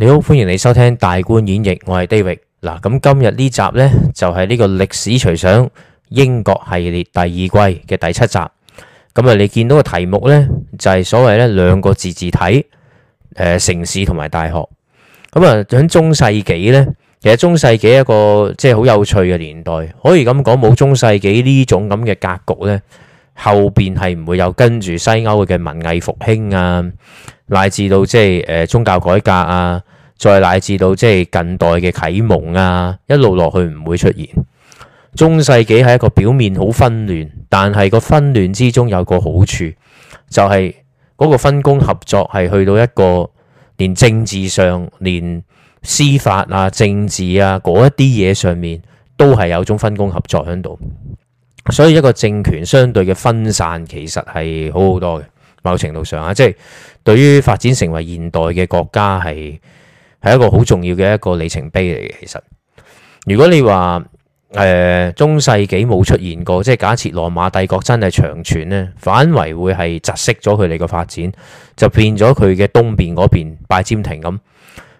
你好，歡迎你收聽大觀演繹，我係 David 嗱。咁今日呢集咧就係呢個歷史隨想英國系列第二季嘅第七集。咁啊，你見到嘅題目咧就係所謂咧兩個自治體誒，城市同埋大學。咁啊，喺中世紀咧，其實中世紀一個即係好有趣嘅年代，可以咁講，冇中世紀呢種咁嘅格局咧。後邊係唔會有跟住西歐嘅文藝復興啊，乃至到即係宗教改革啊，再乃至到即係近代嘅啟蒙啊，一路落去唔會出現。中世紀係一個表面好紛亂，但係個紛亂之中有個好處，就係、是、嗰個分工合作係去到一個連政治上、連司法啊、政治啊嗰一啲嘢上面，都係有種分工合作喺度。所以一個政權相對嘅分散，其實係好好多嘅。某程度上啊，即係對於發展成為現代嘅國家，係係一個好重要嘅一個里程碑嚟嘅。其實，如果你話誒、呃、中世紀冇出現過，即係假設羅馬帝國真係長存咧，反為會係窒息咗佢哋嘅發展，就變咗佢嘅東邊嗰邊拜占庭咁。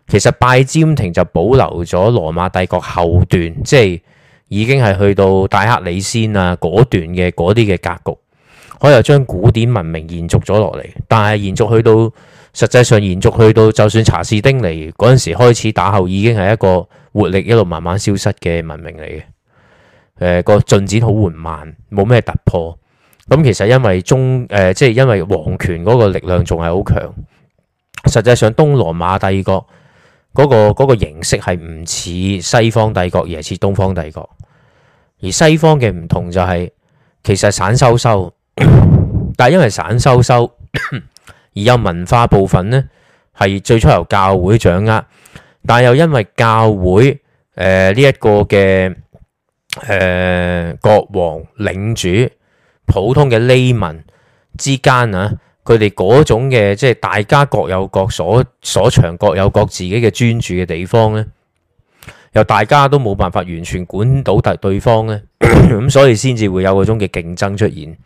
其實拜占庭就保留咗羅馬帝國後段，即係。已經係去到戴克里先啊，嗰段嘅嗰啲嘅格局，可以將古典文明延續咗落嚟。但係延續去到實際上延續去到，就算查士丁尼嗰陣時開始打後，已經係一個活力一路慢慢消失嘅文明嚟嘅。誒、呃，那個進展好緩慢，冇咩突破。咁其實因為中誒即係因為皇權嗰個力量仲係好強，實際上東羅馬帝國嗰、嗰個嗰、嗰個形式係唔似西方帝國，而係似東方帝國。而西方嘅唔同就係、是，其實散修修，但係因為散修修，而有文化部分咧，係最初由教會掌握，但又因為教會誒呢一個嘅誒、呃、國王領主、普通嘅 layman 之間啊，佢哋嗰種嘅即係大家各有各所所長，各有各自己嘅專注嘅地方咧。又大家都冇辦法完全管到第對方呢咁， 所以先至會有個種嘅競爭出現。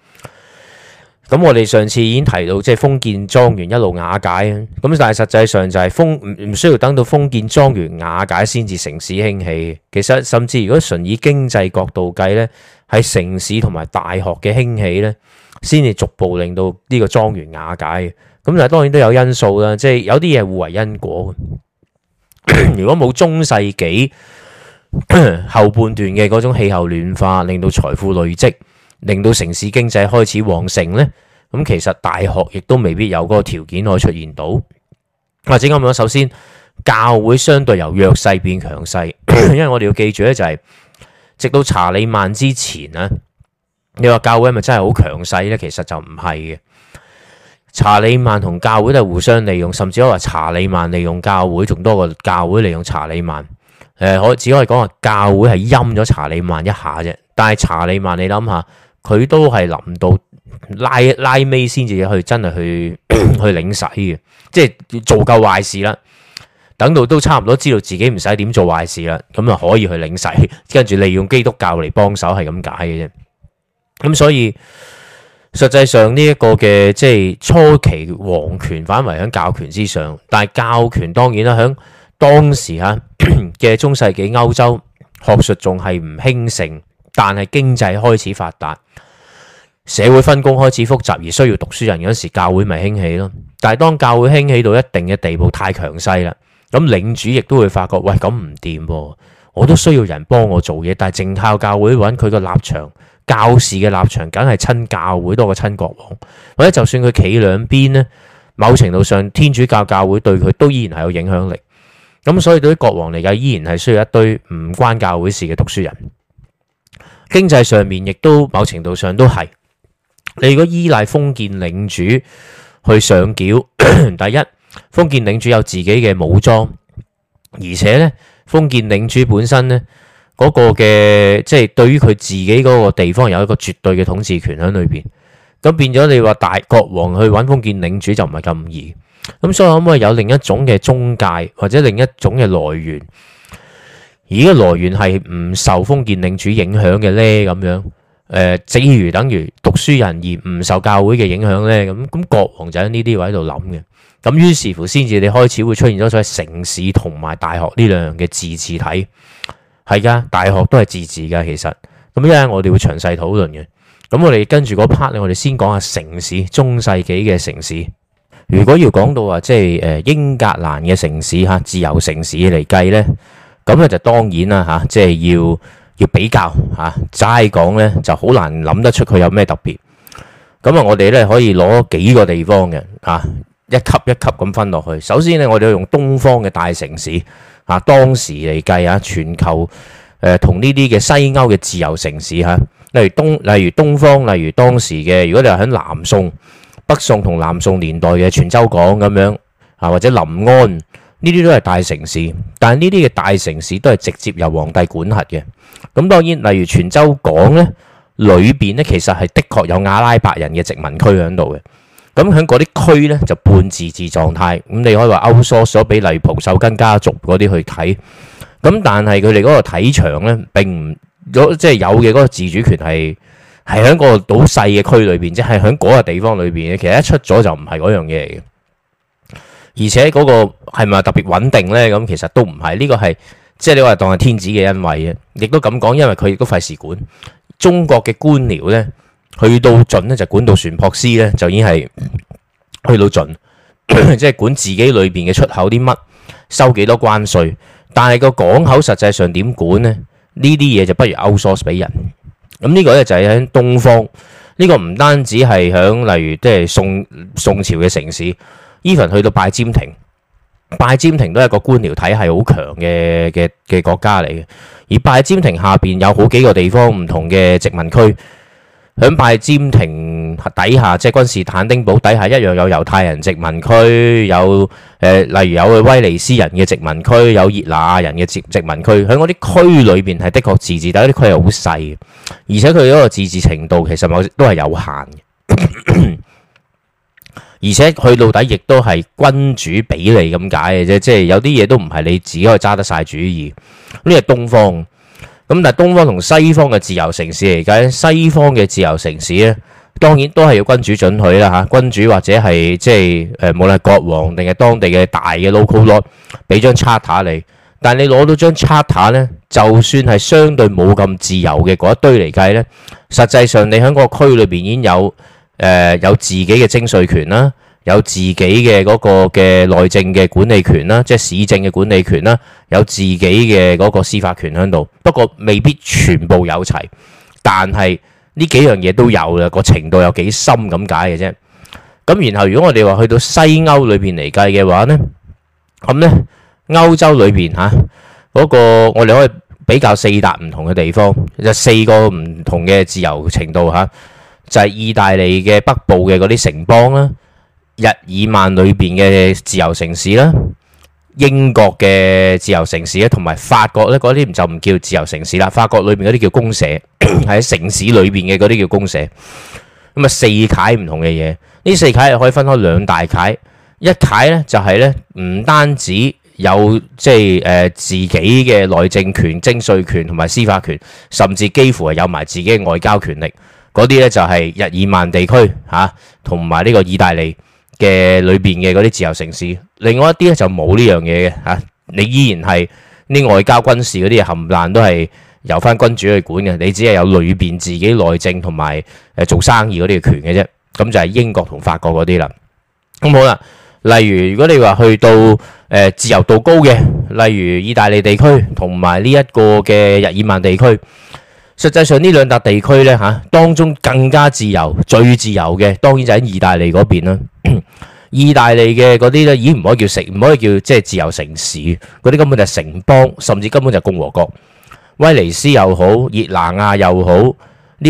咁我哋上次已經提到，即係封建莊園一路瓦解啊。咁但係實際上就係封唔唔需要等到封建莊園瓦解先至城市興起。其實甚至如果純以經濟角度計呢，喺城市同埋大學嘅興起呢先至逐步令到呢個莊園瓦解嘅。咁但係當然都有因素啦，即係有啲嘢互為因果。 如果冇中世紀 後半段嘅嗰種氣候暖化，令到財富累積，令到城市經濟開始旺盛呢，咁其實大學亦都未必有嗰個條件可以出現到。或者啱講，首先教會相對由弱勢變強勢， 因為我哋要記住呢、就是，就係直到查理曼之前啊，你話教會咪真係好強勢呢？其實就唔係嘅。查理曼同教會都係互相利用，甚至可以話查理曼利用教會，仲多過教會利用查理曼。誒、呃，可只可以講，話教會係陰咗查理曼一下啫。但係查理曼，你諗下，佢都係臨到拉拉，拉尾先至去真係去去領洗嘅，即係做夠壞事啦。等到都差唔多知道自己唔使點做壞事啦，咁咪可以去領洗，跟住利用基督教嚟幫手，係咁解嘅啫。咁所以。實際上呢一個嘅即係初期皇權反為響教權之上，但係教權當然啦，響當時吓嘅 中世紀歐洲，學術仲係唔興盛，但係經濟開始發達，社會分工開始複雜，而需要讀書人嗰時，教會咪興起咯。但係當教會興起到一定嘅地步，太強勢啦，咁領主亦都會發覺，喂，咁唔掂，我都需要人幫我做嘢，但係淨靠教會揾佢個立場。教士嘅立場梗係親教會多過親國王，或者就算佢企兩邊呢，某程度上天主教教會對佢都依然係有影響力。咁所以對於國王嚟講，依然係需要一堆唔關教會事嘅讀書人。經濟上面亦都某程度上都係，你如果依賴封建領主去上繳，第一封建領主有自己嘅武裝，而且呢，封建領主本身呢。嗰個嘅即係對於佢自己嗰個地方有一個絕對嘅統治權喺裏邊，咁變咗你話大國王去揾封建領主就唔係咁易，咁所以可唔可以有另一種嘅中介或者另一種嘅來源？而個來源係唔受封建領主影響嘅呢？咁樣誒、呃，至於等於讀書人而唔受教會嘅影響呢。咁咁國王就喺呢啲位度諗嘅，咁於是乎先至你開始會出現咗所謂城市同埋大學呢兩樣嘅自治體。係噶，大學都係自治噶，其實咁因為我哋會詳細討論嘅。咁我哋跟住嗰 part 咧，我哋先講下城市，中世紀嘅城市。如果要講到話即係誒英格蘭嘅城市嚇，自由城市嚟計呢，咁咧就當然啦吓，即係要要比較嚇，齋講呢就好難諗得出佢有咩特別。咁啊，我哋呢可以攞幾個地方嘅嚇，一級一級咁分落去。首先呢，我哋要用東方嘅大城市。啊，當時嚟計啊，全球誒同呢啲嘅西歐嘅自由城市嚇，例如東，例如東方，例如當時嘅，如果你話喺南宋、北宋同南宋年代嘅泉州港咁樣啊，或者臨安呢啲都係大城市，但係呢啲嘅大城市都係直接由皇帝管轄嘅。咁當然，例如泉州港呢，裏邊呢其實係的確有阿拉伯人嘅殖民區喺度嘅。咁喺嗰啲區呢，就半自治狀態，咁你可以話收縮咗，俾例如蒲秀根家族嗰啲去睇，咁但係佢哋嗰個體場呢並唔即係有嘅嗰個自主權係係喺個好細嘅區裏邊，即係喺嗰個地方裏邊，其實一出咗就唔係嗰樣嘢嚟嘅。而且嗰個係咪特別穩定呢？咁其實都唔係，呢個係即係你話當係天子嘅恩惠啊，亦都咁講，因為佢亦都費事管中國嘅官僚呢。去到盡呢，就管到船舶司呢，就已經係去到盡，即係、 就係、管自己裏邊嘅出口啲乜收幾多關稅。但係個港口實際上點管呢？呢啲嘢就不如 outsource 俾人咁呢個呢，就係喺東方呢、呢個唔單止係響，例如即係宋宋朝嘅城市。even 去到拜占庭，拜占庭都係個官僚體係好強嘅嘅嘅國家嚟嘅。而拜占庭下邊有好幾個地方唔同嘅殖民區。響拜占庭底下，即係君士坦丁堡底下，一樣有猶太人殖民區，有誒、呃，例如有去威尼斯人嘅殖民區，有熱那亞人嘅殖殖，殖民區。喺嗰啲區裏邊係的確自治，但係啲區係好細，而且佢嗰個自治程度其實某都係有限嘅， 而且去到底亦都係君主俾你咁解嘅啫，即、就、係、是、有啲嘢都唔係你自己可以揸得晒主意，呢係東方。咁但係東方同西方嘅自由城市嚟計，西方嘅自由城市咧，當然都係要君主准許啦嚇，君主或者係即係誒，無論係國王定係當地嘅大嘅 local，俾張 charter 你。但係你攞到張 charter 咧，就算係相對冇咁自由嘅嗰一堆嚟計咧，實際上你喺個區裏邊已經有誒、呃、有自己嘅徵稅權啦。有自己嘅嗰個嘅內政嘅管理權啦，即係市政嘅管理權啦，有自己嘅嗰個司法權喺度。不過未必全部有齊，但係呢幾樣嘢都有啦。個程度有幾深咁解嘅啫。咁然後如果我哋話去到西歐裏邊嚟計嘅話呢，咁呢歐洲裏邊嚇嗰個我哋可以比較四笪唔同嘅地方，就四個唔同嘅自由程度嚇、啊，就係意大利嘅北部嘅嗰啲城邦啦。日耳曼裏邊嘅自由城市啦，英國嘅自由城市啊，同埋法國咧嗰啲就唔叫自由城市啦。法國裏邊嗰啲叫公社，喺 城市裏邊嘅嗰啲叫公社。咁啊，四楷唔同嘅嘢，呢四楷可以分開兩大楷。一楷咧就係咧，唔單止有即係誒自己嘅內政權、徵稅權同埋司法權，甚至幾乎係有埋自己嘅外交權力。嗰啲咧就係日耳曼地區吓，同埋呢個意大利。嘅裏邊嘅嗰啲自由城市，另外一啲咧就冇呢樣嘢嘅嚇。你依然係啲外交軍事嗰啲嘢冚爛都係由返君主去管嘅。你只係有裏邊自己內政同埋誒做生意嗰啲權嘅啫。咁就係英國同法國嗰啲啦。咁好啦，例如如果你話去到誒、呃、自由度高嘅，例如意大利地區同埋呢一個嘅日耳曼地區，實際上呢兩笪地區呢，嚇、啊、當中更加自由、最自由嘅，當然就喺意大利嗰邊啦。意大利嘅嗰啲咧，已經唔可以叫城，唔可以叫即係自由城市，嗰啲根本就係城邦，甚至根本就係共和國。威尼斯又好，熱那亞又好，呢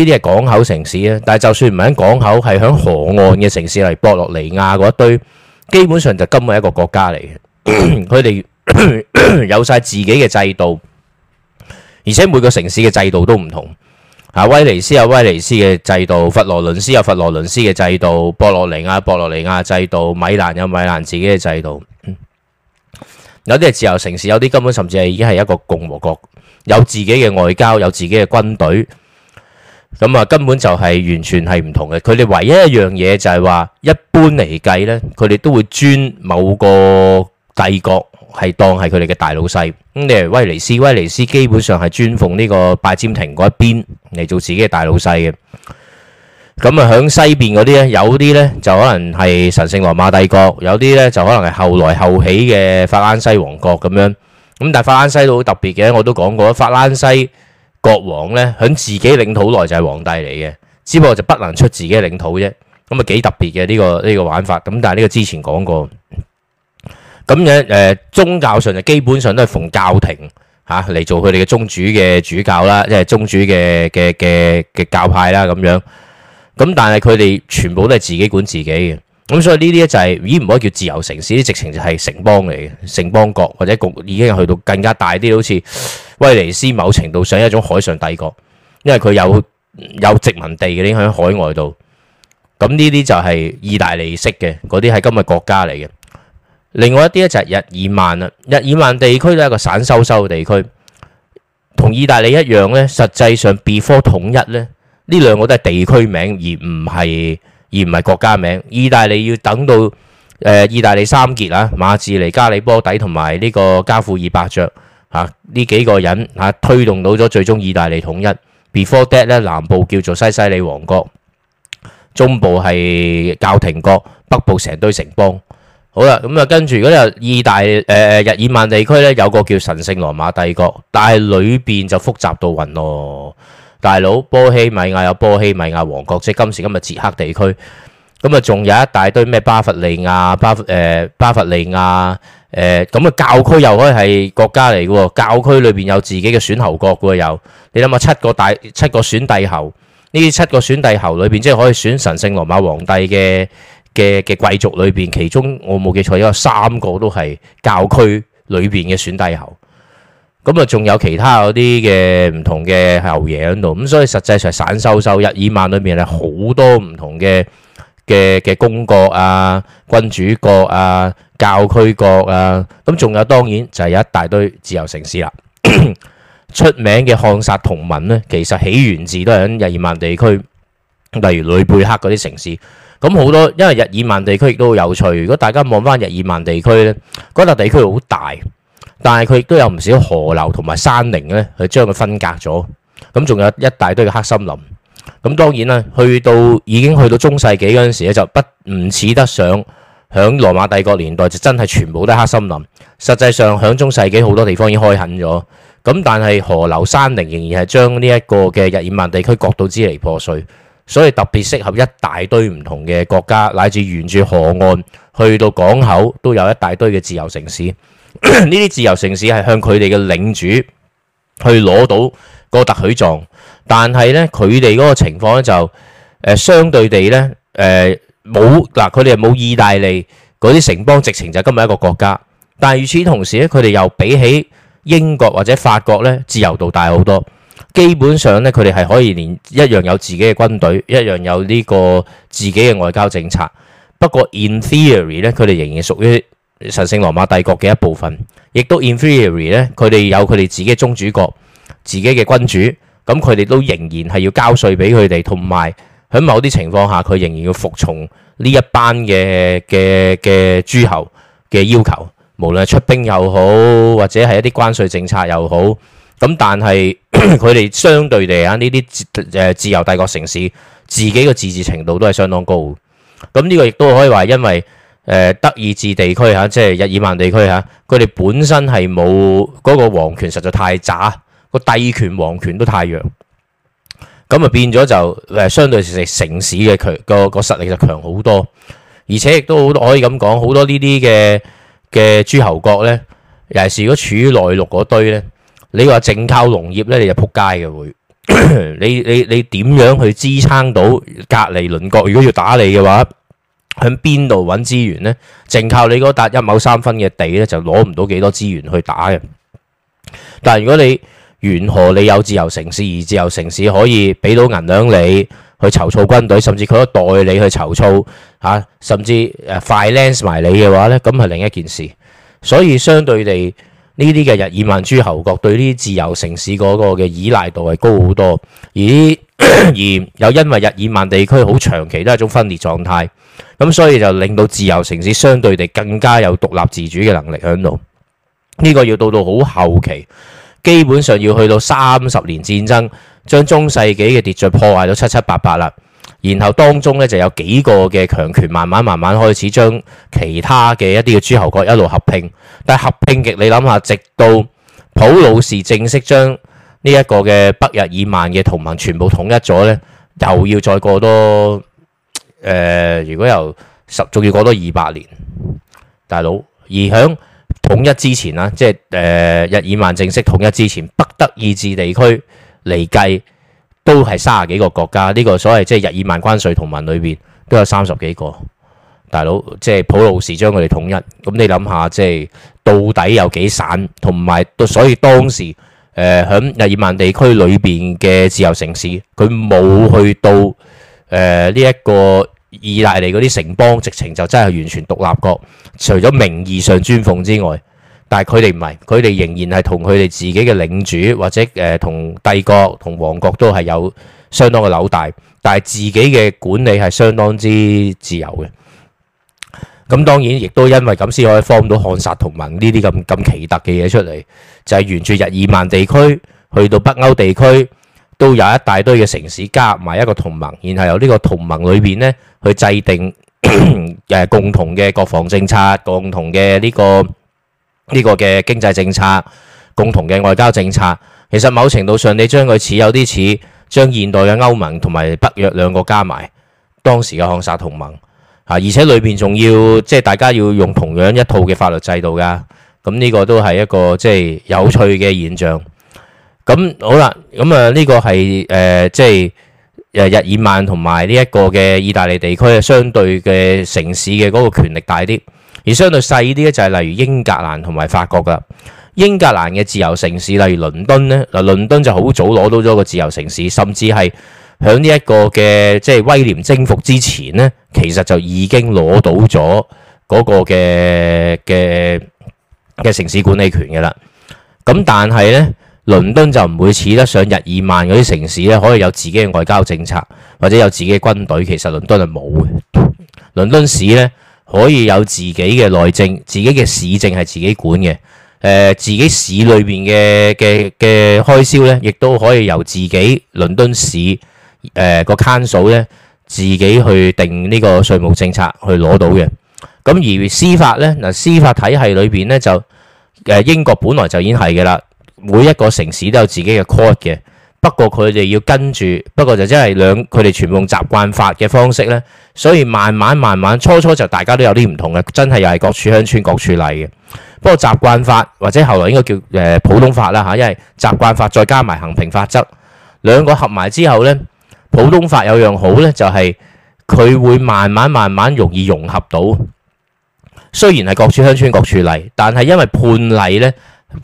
啲係港口城市啊。但係就算唔係喺港口，係喺河岸嘅城市嚟，博洛尼亞嗰一堆，基本上就根本係一個國家嚟嘅。佢哋 有晒自己嘅制度，而且每個城市嘅制度都唔同。啊，威尼斯有威尼斯嘅制度，佛羅倫斯有佛羅倫斯嘅制度，波洛尼亞波洛尼亞制度，米蘭有米蘭自己嘅制度。嗯，有啲係自由城市，有啲根本甚至係已經係一個共和國，有自己嘅外交，有自己嘅軍隊。咁啊，根本就係完全係唔同嘅。佢哋唯一一樣嘢就係話，一般嚟計呢，佢哋都會尊某個帝國。係當係佢哋嘅大老細，咁你係威尼斯，威尼斯基本上係尊奉呢個拜占庭嗰一邊嚟做自己嘅大老細嘅。咁啊，響西邊嗰啲呢，有啲呢就可能係神聖羅馬帝國，有啲呢就可能係後來後起嘅法蘭西王國咁樣。咁但係法蘭西都好特別嘅，我都講過，法蘭西國王呢響自己領土內就係皇帝嚟嘅，只不過就不能出自己嘅領土啫。咁啊，幾特別嘅呢個呢個玩法。咁但係呢個之前講過。咁樣誒、呃，宗教上就基本上都係奉教廷吓、嚟、啊、做佢哋嘅宗主嘅主教啦，即係宗主嘅嘅嘅嘅教派啦咁樣。咁但係佢哋全部都係自己管自己嘅。咁所以呢啲咧就係、是、咦，唔可以叫自由城市，啲直情就係城邦嚟嘅，城邦國或者局已經去到更加大啲，好似威尼斯某程度上一種海上帝國，因為佢有有殖民地嘅影響海外度。咁呢啲就係意大利式嘅，嗰啲係今日國家嚟嘅。另外一啲咧就係日耳曼啦，日耳曼地區都係一個散修修嘅地區，同意大利一樣咧。實際上 before 統一咧，呢兩個都係地區名而唔係而唔係國家名。意大利要等到誒、呃、意大利三傑啊，馬志尼、加里波底同埋呢個加富爾伯爵嚇呢幾個人嚇推動到咗最終意大利統一。Before that 咧，南部叫做西西里王國，中部係教廷國，北部成堆城邦。好啦，咁啊，跟住嗰日意大，誒、呃、日耳曼地區咧有個叫神聖羅馬帝國，但係裏邊就複雜到雲暈咯。大佬波希米亞有波希米亞王國，即係今時今日捷克地區。咁、嗯、啊，仲有一大堆咩巴伐利亞、巴誒、呃、巴伐利亞，誒咁啊，教區又可以係國家嚟嘅，教區裏邊有自己嘅選侯國嘅又。你諗下，七個大七個選帝侯，呢啲七個選帝侯裏邊即係可以選神聖羅馬皇帝嘅。嘅嘅貴族裏邊，其中我冇記錯，有三個都係教區裏邊嘅選帝侯。咁啊，仲有其他嗰啲嘅唔同嘅侯爺喺度。咁所以實際上，散收收日耳曼裏邊係好多唔同嘅嘅嘅公國啊、君主國啊、教區國啊。咁仲有當然就係有一大堆自由城市啦。出名嘅漢薩同盟呢，其實起源自都係喺日耳曼地區，例如呂貝克嗰啲城市。咁好多，因為日耳曼地區亦都好有趣。如果大家望翻日耳曼地區呢，嗰笪地區好大，但係佢亦都有唔少河流同埋山嶺呢係將佢分隔咗。咁仲有一大堆嘅黑森林。咁當然啦，去到已經去到中世紀嗰陣時咧，就不唔似得上響羅馬帝國年代就真係全部都係黑森林。實際上響中世紀好多地方已經開墾咗。咁但係河流山嶺仍然係將呢一個嘅日耳曼地區割到支離破碎。所以特別適合一大堆唔同嘅國家，乃至沿住河岸去到港口都有一大堆嘅自由城市。呢啲自由城市係向佢哋嘅領主去攞到個特許狀，但係咧，佢哋嗰個情況咧，就誒相對地咧，誒冇，嗱，佢哋係冇意大利嗰啲城邦，直情就今日一個國家。但係與此同時咧，佢哋又比起英國或者法國咧自由度大好多。基本上咧，佢哋係可以連一樣有自己嘅軍隊，一樣有呢個自己嘅外交政策。不過 in theory 咧，佢哋仍然屬於神聖羅馬帝國嘅一部分，亦都 in theory 咧，佢哋有佢哋自己嘅宗主國、自己嘅君主。咁佢哋都仍然係要交稅俾佢哋，同埋喺某啲情況下，佢仍然要服從呢一班嘅嘅嘅諸侯嘅要求，無論係出兵又好，或者係一啲關稅政策又好。咁但係佢哋相對地啊，呢啲誒自由帝國城市自己嘅自治程度都係相當高。咁呢個亦都可以話，因為誒德意志地區嚇，即係日耳曼地區嚇，佢哋本身係冇嗰個皇權實在太渣，個帝權皇權都太弱，咁啊變咗就誒相對城市嘅強個，個實力就強好多，而且亦都可以咁講，好多呢啲嘅嘅諸侯國咧，尤其是如果處於內陸嗰堆咧。你話淨靠農業咧，你就仆街嘅會。你你你點樣去支撐到隔離鄰國？如果要打你嘅話，向邊度揾資源呢？淨靠你嗰笪一畝三分嘅地呢，就攞唔到幾多資源去打嘅。但係如果你沿河你有自由城市，而自由城市可以俾到銀兩你去籌措軍隊，甚至佢都代你去籌措嚇、啊，甚至誒 finance 埋你嘅話呢，咁係另一件事。所以相對地。呢啲嘅日耳曼諸侯國對呢啲自由城市嗰個嘅依賴度係高好多，而 而又因為日耳曼地區好長期都係一種分裂狀態，咁所以就令到自由城市相對地更加有獨立自主嘅能力喺度。呢個要到到好後期，基本上要去到三十年戰爭，將中世紀嘅秩序破壞到七七八八啦。然後當中咧就有幾個嘅強權，慢慢慢慢開始將其他嘅一啲嘅諸侯國一路合併。但係合併極，你諗下，直到普魯士正式將呢一個嘅北日耳曼嘅同盟全部統一咗咧，又要再過多誒、呃，如果由十，仲要過多二百年，大佬。而喺統一之前啦，即係誒、呃、日耳曼正式統一之前，北德意志地區嚟計，都係三十幾個國家，呢、這個所謂即係日耳曼關稅同盟裏邊都有三十幾個大佬，即係普魯士將佢哋統一。咁你諗下，即係到底有幾散？同埋所以當時誒喺、呃、日耳曼地區裏邊嘅自由城市，佢冇去到誒呢一個意大利嗰啲城邦，直情就真係完全獨立國，除咗名義上尊奉之外。但係佢哋唔係，佢哋仍然係同佢哋自己嘅領主或者誒同帝國同王國都係有相當嘅紐帶。但係自己嘅管理係相當之自由嘅。咁當然亦都因為咁先可以 form 到漢薩同盟呢啲咁咁奇特嘅嘢出嚟，就係沿住日耳曼地區去到北歐地區，都有一大堆嘅城市加埋一個同盟，然後由呢個同盟裏邊呢去制定誒共同嘅國防政策、共同嘅呢個。呢個嘅經濟政策，共同嘅外交政策，其實某程度上你將佢似有啲似，將現代嘅歐盟同埋北約兩個加埋，當時嘅漢薩同盟，吓，而且裏邊仲要即係大家要用同樣一套嘅法律制度噶，咁、這、呢個都係一個即係、就是、有趣嘅現象。咁好啦，咁啊呢個係誒即係日耳曼同埋呢一個嘅意大利地區啊相對嘅城市嘅嗰個權力大啲。而相對細啲咧，就係例如英格蘭同埋法國噶。英格蘭嘅自由城市，例如倫敦呢，嗱，倫敦就好早攞到咗個自由城市，甚至係喺呢一個嘅即係威廉征服之前呢，其實就已經攞到咗嗰個嘅嘅嘅城市管理權嘅啦。咁但係呢，倫敦就唔會似得上日耳曼嗰啲城市呢，可以有自己嘅外交政策，或者有自己嘅軍隊。其實倫敦係冇嘅，倫敦市呢。可以有自己嘅內政、自己嘅市政係自己管嘅，誒、呃，自己市裏邊嘅嘅嘅開銷呢，亦都可以由自己倫敦市誒、呃、個 can 數呢，自己去定呢個稅務政策去攞到嘅。咁而司法呢，嗱，司法體系裏邊呢，就、呃、英國本來就已經係嘅啦，每一個城市都有自己嘅 court 嘅。不過佢哋要跟住，不過就真係兩佢哋全部用習慣法嘅方式呢。所以慢慢慢慢初初就大家都有啲唔同嘅，真係又係各處鄉村各處例嘅。不過習慣法或者後來應該叫誒普通法啦嚇，因為習慣法再加埋衡平法則，兩個合埋之後呢，普通法有樣好呢，就係、是、佢會慢慢慢慢容易融合到。雖然係各處鄉村各處例，但係因為判例呢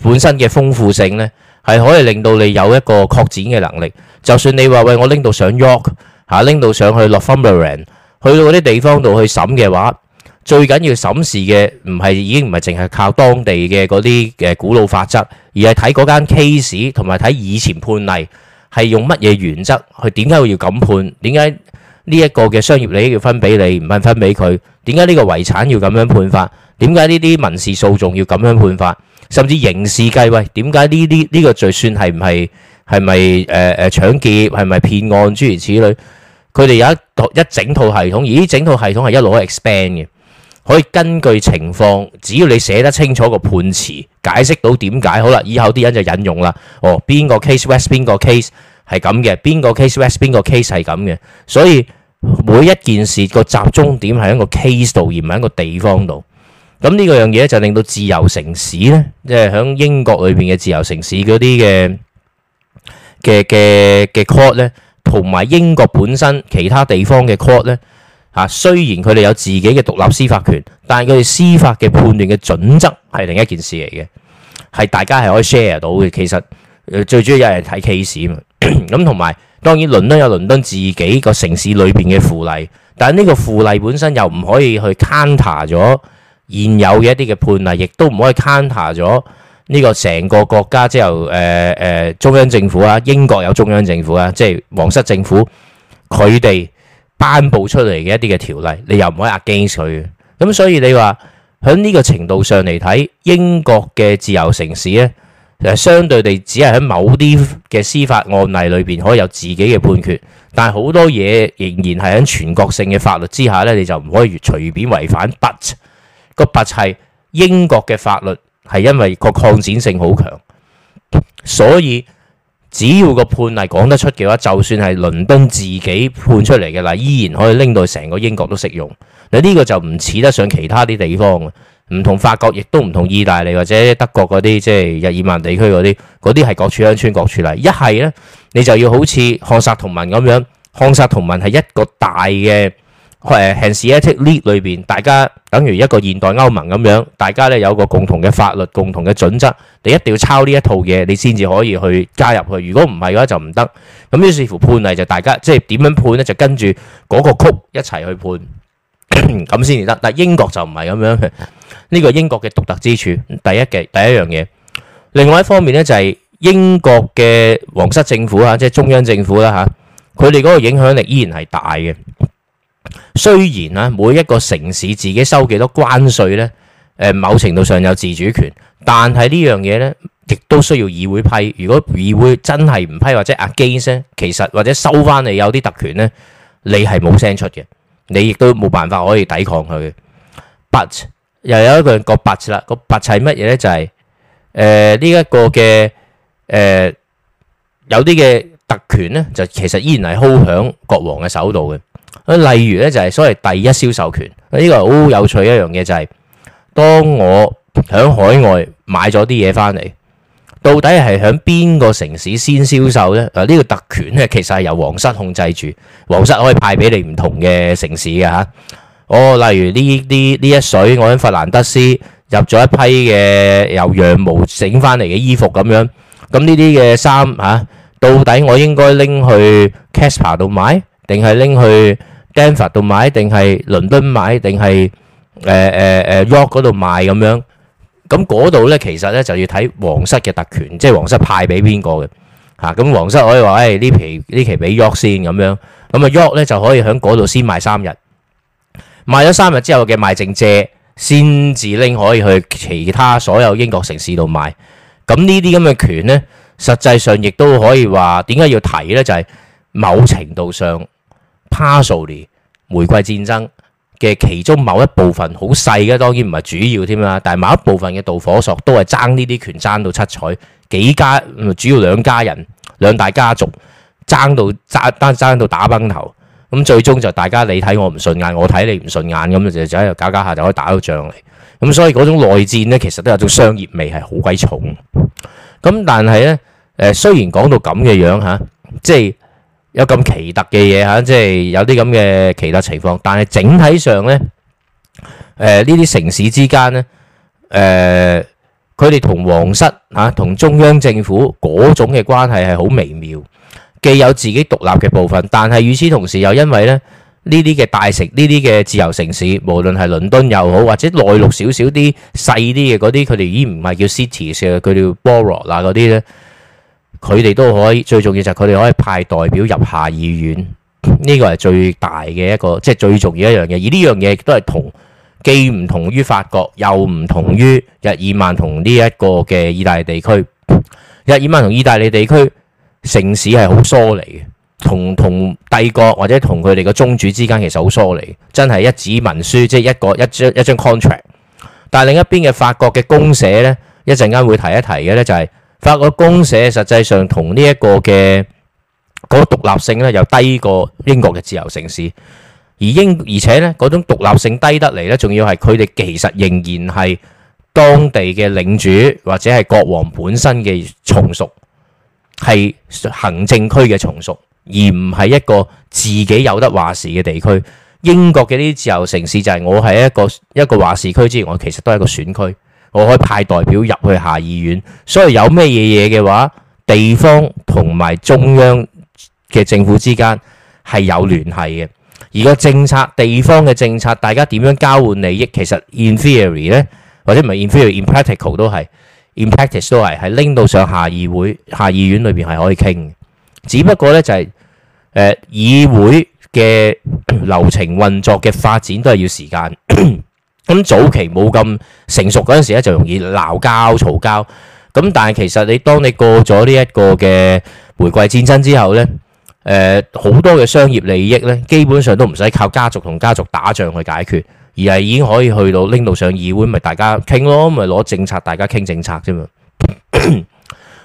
本身嘅豐富性呢。係可以令到你有一個擴展嘅能力，就算你話喂我拎到上 York 嚇、啊，拎到上去 Loughborough 去到嗰啲地方度去審嘅話，最緊要審視嘅唔係已經唔係淨係靠當地嘅嗰啲誒古老法則，而係睇嗰間 case 同埋睇以前判例係用乜嘢原則去點解會要咁判？點解呢一個嘅商業利益要分俾你，唔係分俾佢？點解呢個遺產要咁樣判法？點解呢啲民事訴訟要咁樣判法？甚至刑事計委，點解呢？呢呢、呢個罪算係唔係係咪誒誒搶劫？係咪騙案？諸如此類，佢哋有一套一整套系統。而呢整套系統係一路可 expand 嘅，可以根據情況，只要你寫得清楚個判詞，解釋到點解好啦。以後啲人就引用啦。哦，邊個 case vs 邊個 case 係咁嘅？邊個 case vs 邊個 case 係咁嘅？所以每一件事個集中點係一個 case 度，而唔係一個地方度。咁呢個樣嘢咧，就令到自由城市咧，即係喺英國裏邊嘅自由城市嗰啲嘅嘅嘅嘅 court 咧，同埋英國本身其他地方嘅 court 咧嚇。雖然佢哋有自己嘅獨立司法權，但係佢哋司法嘅判斷嘅準則係另一件事嚟嘅，係大家係可以 share 到嘅。其實最主要有人睇 case 嘛。咁同埋當然倫敦有倫敦自己個城市裏邊嘅附例，但係呢個附例本身又唔可以去 counter 咗。現有嘅一啲嘅判例，亦都唔可以 counter 咗呢個成個國家，即係由誒誒中央政府啊，英國有中央政府啊，即係皇室政府佢哋頒布出嚟嘅一啲嘅條例，你又唔可以 against 佢嘅。咁所以你話喺呢個程度上嚟睇，英國嘅自由城市呢，就係相對地只係喺某啲嘅司法案例裏邊可以有自己嘅判決，但係好多嘢仍然係喺全國性嘅法律之下呢，你就唔可以隨便違反。But 個白砌英國嘅法律係因為個擴展性好強，所以只要個判例講得出嘅話，就算係倫敦自己判出嚟嘅啦，依然可以拎到成個英國都適用。你、這、呢個就唔似得上其他啲地方，唔同法國亦都唔同意大利或者德國嗰啲，即係日耳曼地區嗰啲，嗰啲係各處鄉村各處例。一係呢，你就要好似漢薩同盟咁樣，漢薩同盟係一個大嘅。誒 Hanseatic League 裏邊，大家等於一個現代歐盟咁樣，大家咧有個共同嘅法律、共同嘅準則，你一定要抄呢一套嘢，你先至可以去加入去。如果唔係嘅話就，就唔得。咁於是乎判例就大家即係點樣判咧，就跟住嗰個曲一齊去判咁先至得。但英國就唔係咁樣，呢、這個英國嘅獨特之處，第一嘅第一樣嘢。另外一方面咧，就係、是、英國嘅皇室政府啊，即係中央政府啦嚇，佢哋嗰個影響力依然係大嘅。雖然啊，每一個城市自己收幾多關稅咧，誒、呃，某程度上有自主權，但係呢樣嘢咧，亦都需要議會批。如果議會真係唔批或者 against 其實或者收翻你有啲特權咧，你係冇聲出嘅，你亦都冇辦法可以抵抗佢。But 又有一個人講 but 啦，個 but 係乜嘢呢？就係呢一個嘅、呃、有啲嘅特權咧，就其實依然係 hold 喺國王嘅手度嘅。啊，例如咧就係所謂第一銷售權，啊呢個好有趣一樣嘢就係，當我響海外買咗啲嘢翻嚟，到底係響邊個城市先銷售咧？啊呢個特權咧其實係由皇室控制住，皇室可以派俾你唔同嘅城市嘅吓。哦，例如呢啲呢一水，我喺法蘭德斯入咗一批嘅由羊毛整翻嚟嘅衣服咁樣，咁呢啲嘅衫吓，到底我應該拎去 Casper 度買？定係拎去 Denver 度買，定係倫敦買，定係誒誒誒 York 嗰度買咁樣。咁嗰度咧，其實咧就要睇皇室嘅特權，即係皇室派俾邊個嘅。嚇，咁皇室可以話誒呢期呢期俾 York 先咁樣。咁啊 York 咧就可以喺嗰度先賣三日，賣咗三日之後嘅賣剩借，先至拎可以去其他所有英國城市度賣。咁呢啲咁嘅權咧，實際上亦都可以話點解要提咧？就係某程度上。Parsony 玫瑰戰爭嘅其中某一部分好細嘅，當然唔係主要添啦。但係某一部分嘅導火索都係爭呢啲權爭到七彩，幾家主要兩家人兩大家族爭到爭單爭到打崩頭。咁最終就大家你睇我唔順眼，我睇你唔順眼，咁就就喺度搞搞下就可以打到仗嚟。咁所以嗰種內戰呢，其實都有種商業味係好鬼重。咁但係呢，誒雖然講到咁嘅樣嚇，即係。有咁奇特嘅嘢嚇，即係有啲咁嘅奇特情況。但係整體上咧，誒呢啲城市之間咧，誒佢哋同皇室嚇，同中央政府嗰種嘅關係係好微妙，既有自己獨立嘅部分，但係與此同時又因為咧呢啲嘅大城，呢啲嘅自由城市，無論係倫敦又好，或者內陸少少啲細啲嘅嗰啲，佢哋已經唔係叫 city，佢哋叫 borough 啦嗰啲咧。佢哋都可以，最重要就係佢哋可以派代表入下議院，呢個係最大嘅一個，即係最重要一樣嘢。而呢樣嘢都係同既唔同於法國，又唔同於日耳曼同呢一個嘅意大利地區。日耳曼同意大利地區城市係好疏離嘅，同同帝國或者同佢哋嘅宗主之間其實好疏離，真係一紙文書，即係一個一張一張 contract。但係另一邊嘅法國嘅公社咧，一陣間會提一提嘅咧就係。法國公社實際上同呢一個嘅個獨立性咧又低過英國嘅自由城市，而英而且咧嗰種獨立性低得嚟咧，仲要係佢哋其實仍然係當地嘅領主或者係國王本身嘅從屬，係行政區嘅從屬，而唔係一個自己有得話事嘅地區。英國嘅呢啲自由城市就係我係一個一個話事區之前，我其實都係一個選區。我可以派代表入去下議院，所以有咩嘢嘢嘅話，地方同埋中央嘅政府之間係有聯繫嘅。而個政策、地方嘅政策，大家點樣交換利益，其實 in theory 咧，或者唔係 in theory，in practical 都係，in practice 都係，係拎到上下議會、下議院裏邊係可以傾。只不過咧就係、是、誒、呃、議會嘅流程運作嘅發展都係要時間。 咁早期冇咁成熟嗰陣時咧，就容易鬧交、嘈交。咁但係其實你當你過咗呢一個嘅玫瑰戰爭之後呢，誒、呃、好多嘅商業利益呢，基本上都唔使靠家族同家族打仗去解決，而係已經可以去到拎到上議會，咪大家傾咯，咪攞政策大家傾政策啫嘛。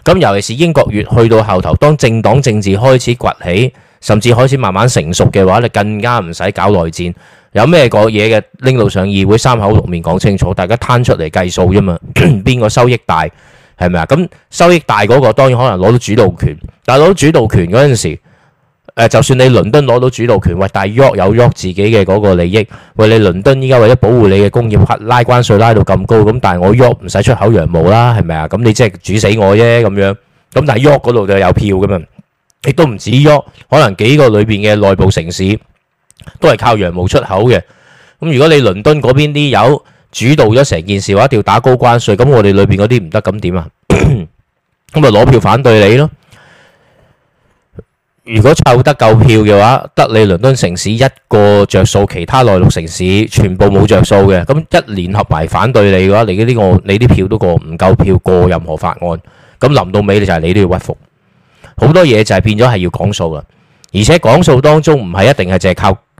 咁 尤其是英國越去到後頭，當政黨政治開始崛起，甚至開始慢慢成熟嘅話，你更加唔使搞內戰。有咩個嘢嘅拎到上議會三口六面講清楚，大家攤出嚟計數啫嘛。邊個 收益大係咪啊？咁收益大嗰、嗰個當然可能攞到主導權。但攞到主導權嗰陣時，就算你倫敦攞到主導權，喂，但 York 有 York 自己嘅嗰個利益。喂，你倫敦依家為咗保護你嘅工業，拉關稅拉到咁高，咁但係我 York 唔使出口羊毛啦，係咪啊？咁你即係煮死我啫咁樣。咁但係 York 嗰度就有票㗎嘛，亦都唔止 York，可能幾個裏邊嘅內部城市，都係靠羊毛出口嘅，咁如果你倫敦嗰邊啲友主導咗成件事嘅話，要打高關稅，咁我哋裏邊嗰啲唔得，咁點啊？咁咪攞票反對你咯？如果湊得夠票嘅話，得你倫敦城市一個着數，其他內陸城市全部冇着數嘅，咁一聯合埋反對你嘅話，你呢個你啲票都過唔夠票過任何法案，咁臨到尾你就係你都要屈服，好多嘢就係變咗係要講數啦，而且講數當中唔係一定係淨係靠。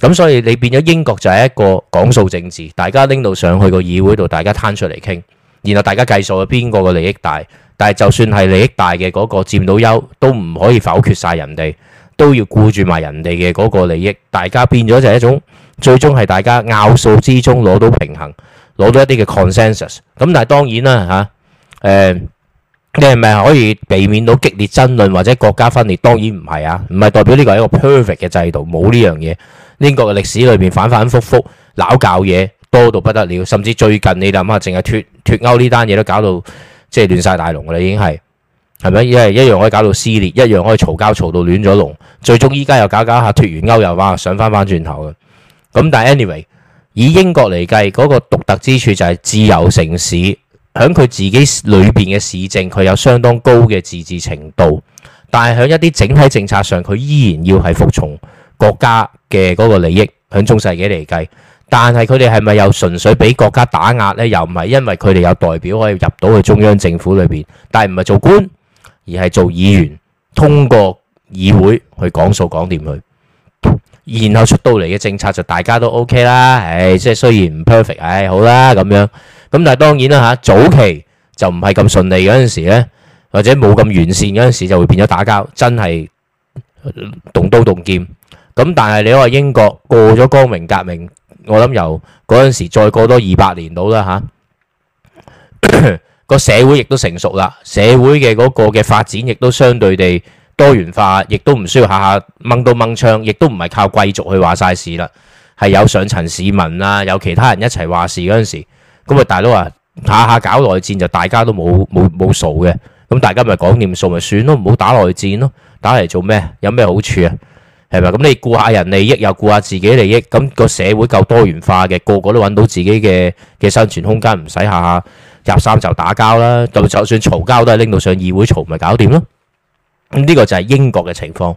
咁所以你變咗英國就係一個講數政治，大家拎到上去個議會度，大家攤出嚟傾，然後大家計數啊，邊個嘅利益大？但係就算係利益大嘅嗰個佔到優，都唔可以否決晒人哋，都要顧住埋人哋嘅嗰個利益。大家變咗就係一種最終係大家拗數之中攞到平衡，攞到一啲嘅 consensus。咁但係當然啦、啊、嚇，誒、啊、你係咪可以避免到激烈爭論或者國家分裂？當然唔係啊，唔係代表呢個係一個 perfect 嘅制度，冇呢樣嘢。英國嘅歷史裏邊反反覆覆攪搞嘢多到不得了，甚至最近你諗下，淨係脱脱歐呢單嘢都搞到即係亂晒大龍㗎啦，已經係係咪？因為一樣可以搞到撕裂，一樣可以嘈交嘈到亂咗龍，最終依家又搞搞下脱完歐又話想翻翻轉頭嘅。咁但係 anyway，以英國嚟計，嗰個獨特之處就係自由城市，喺佢自己裏邊嘅市政，佢有相當高嘅自治程度，但係喺一啲整體政策上，佢依然要係服從。國家嘅嗰個利益，喺中世紀嚟計，但係佢哋係咪又純粹俾國家打壓呢？又唔係，因為佢哋有代表可以入到去中央政府裏邊，但係唔係做官，而係做議員，通過議會去講數講掂佢，然後出到嚟嘅政策就大家都 OK 啦。誒，即係雖然唔 perfect，誒好啦咁樣咁。但係當然啦，嚇早期就唔係咁順利嗰陣時呢，或者冇咁完善嗰陣時，就會變咗打交，真係動刀動劍。咁但係你話英國過咗光榮革命，我諗由嗰陣時再過多二百年到啦吓，個社會亦都成熟啦，社會嘅嗰個嘅發展亦都相對地多元化，亦都唔需要下下掹刀掹槍，亦都唔係靠貴族去話晒事啦。係有上層市民啦，有其他人一齊話事嗰陣時，咁啊大佬啊，下下搞內戰就大家都冇冇冇數嘅，咁大家咪講掂數咪算咯，唔好打內戰咯，打嚟做咩？有咩好處啊？係咪？咁你顧下人利益又顧下自己利益，咁、個社會夠多元化嘅，個個都揾到自己嘅嘅生存空間，唔使下,下入三就打交啦。就算嘈交都係拎到上議會嘈，咪搞掂咯。咁呢個就係英國嘅情況，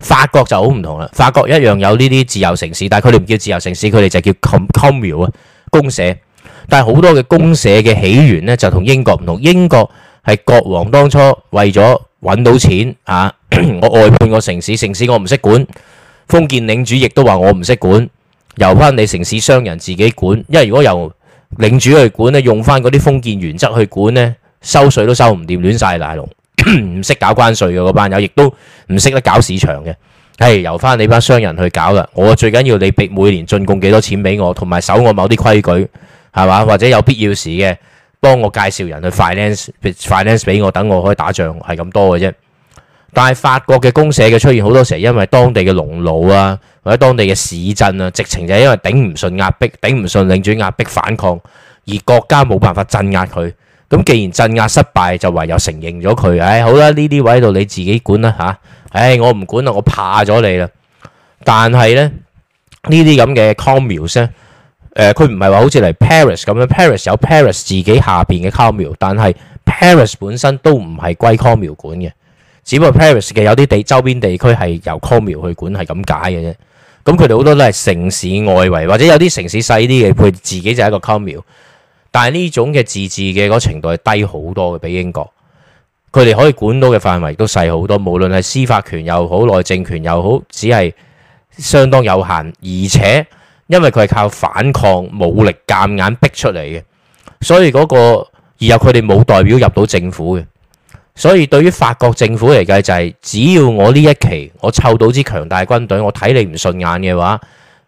法國就好唔同啦。法國一樣有呢啲自由城市，但係佢哋唔叫自由城市，佢哋就叫 commune 啊，公社。但係好多嘅公社嘅起源呢，就同英國唔同。英國係國王當初為咗揾到錢啊。我外判個城市，城市我唔識管。封建領主亦都話我唔識管，由翻你城市商人自己管。因為如果由領主去管咧，用翻嗰啲封建原則去管咧，收稅都收唔掂，亂晒大龍，唔識搞關稅嘅嗰班友，亦都唔識得搞市場嘅。係由翻你班商人去搞啦。我最緊要你俾每年進貢幾多錢俾我，同埋守我某啲規矩係嘛，或者有必要時嘅，幫我介紹人去 finance finance 俾我，等我可以打仗，係咁多嘅啫。但係法國嘅公社嘅出現好多時，係因為當地嘅農奴啊，或者當地嘅市鎮啊，直情就係因為頂唔順壓迫，頂唔順領主壓迫反抗，而國家冇辦法鎮壓佢。咁既然鎮壓失敗，就唯有承認咗佢。唉、哎，好啦，呢啲位度你自己管啦嚇。唉、啊哎，我唔管啦，我怕咗你啦。但係咧呢啲咁嘅 communes 咧，誒佢唔係話好似嚟 Paris 咁樣，Paris 有 Paris 自己下邊嘅 communes，但係 Paris 本身都唔係歸 communes 管嘅。只不過 Paris 嘅有啲地周邊地區係由 Commune 去管，係咁解嘅啫。咁佢哋好多都係城市外圍或者有啲城市細啲嘅，佢自己就係一個 Commune，但係呢種嘅自治嘅嗰程度係低好多嘅，比英國佢哋可以管到嘅範圍都細好多，無論係司法權又好，內政權又好，只係相當有限，而且因為佢係靠反抗武力夾硬，硬逼出嚟嘅，所以嗰、那個而入佢哋冇代表入到政府嘅。所以，對於法國政府嚟計就係，只要我呢一期我湊到支強大軍隊，我睇你唔順眼嘅話，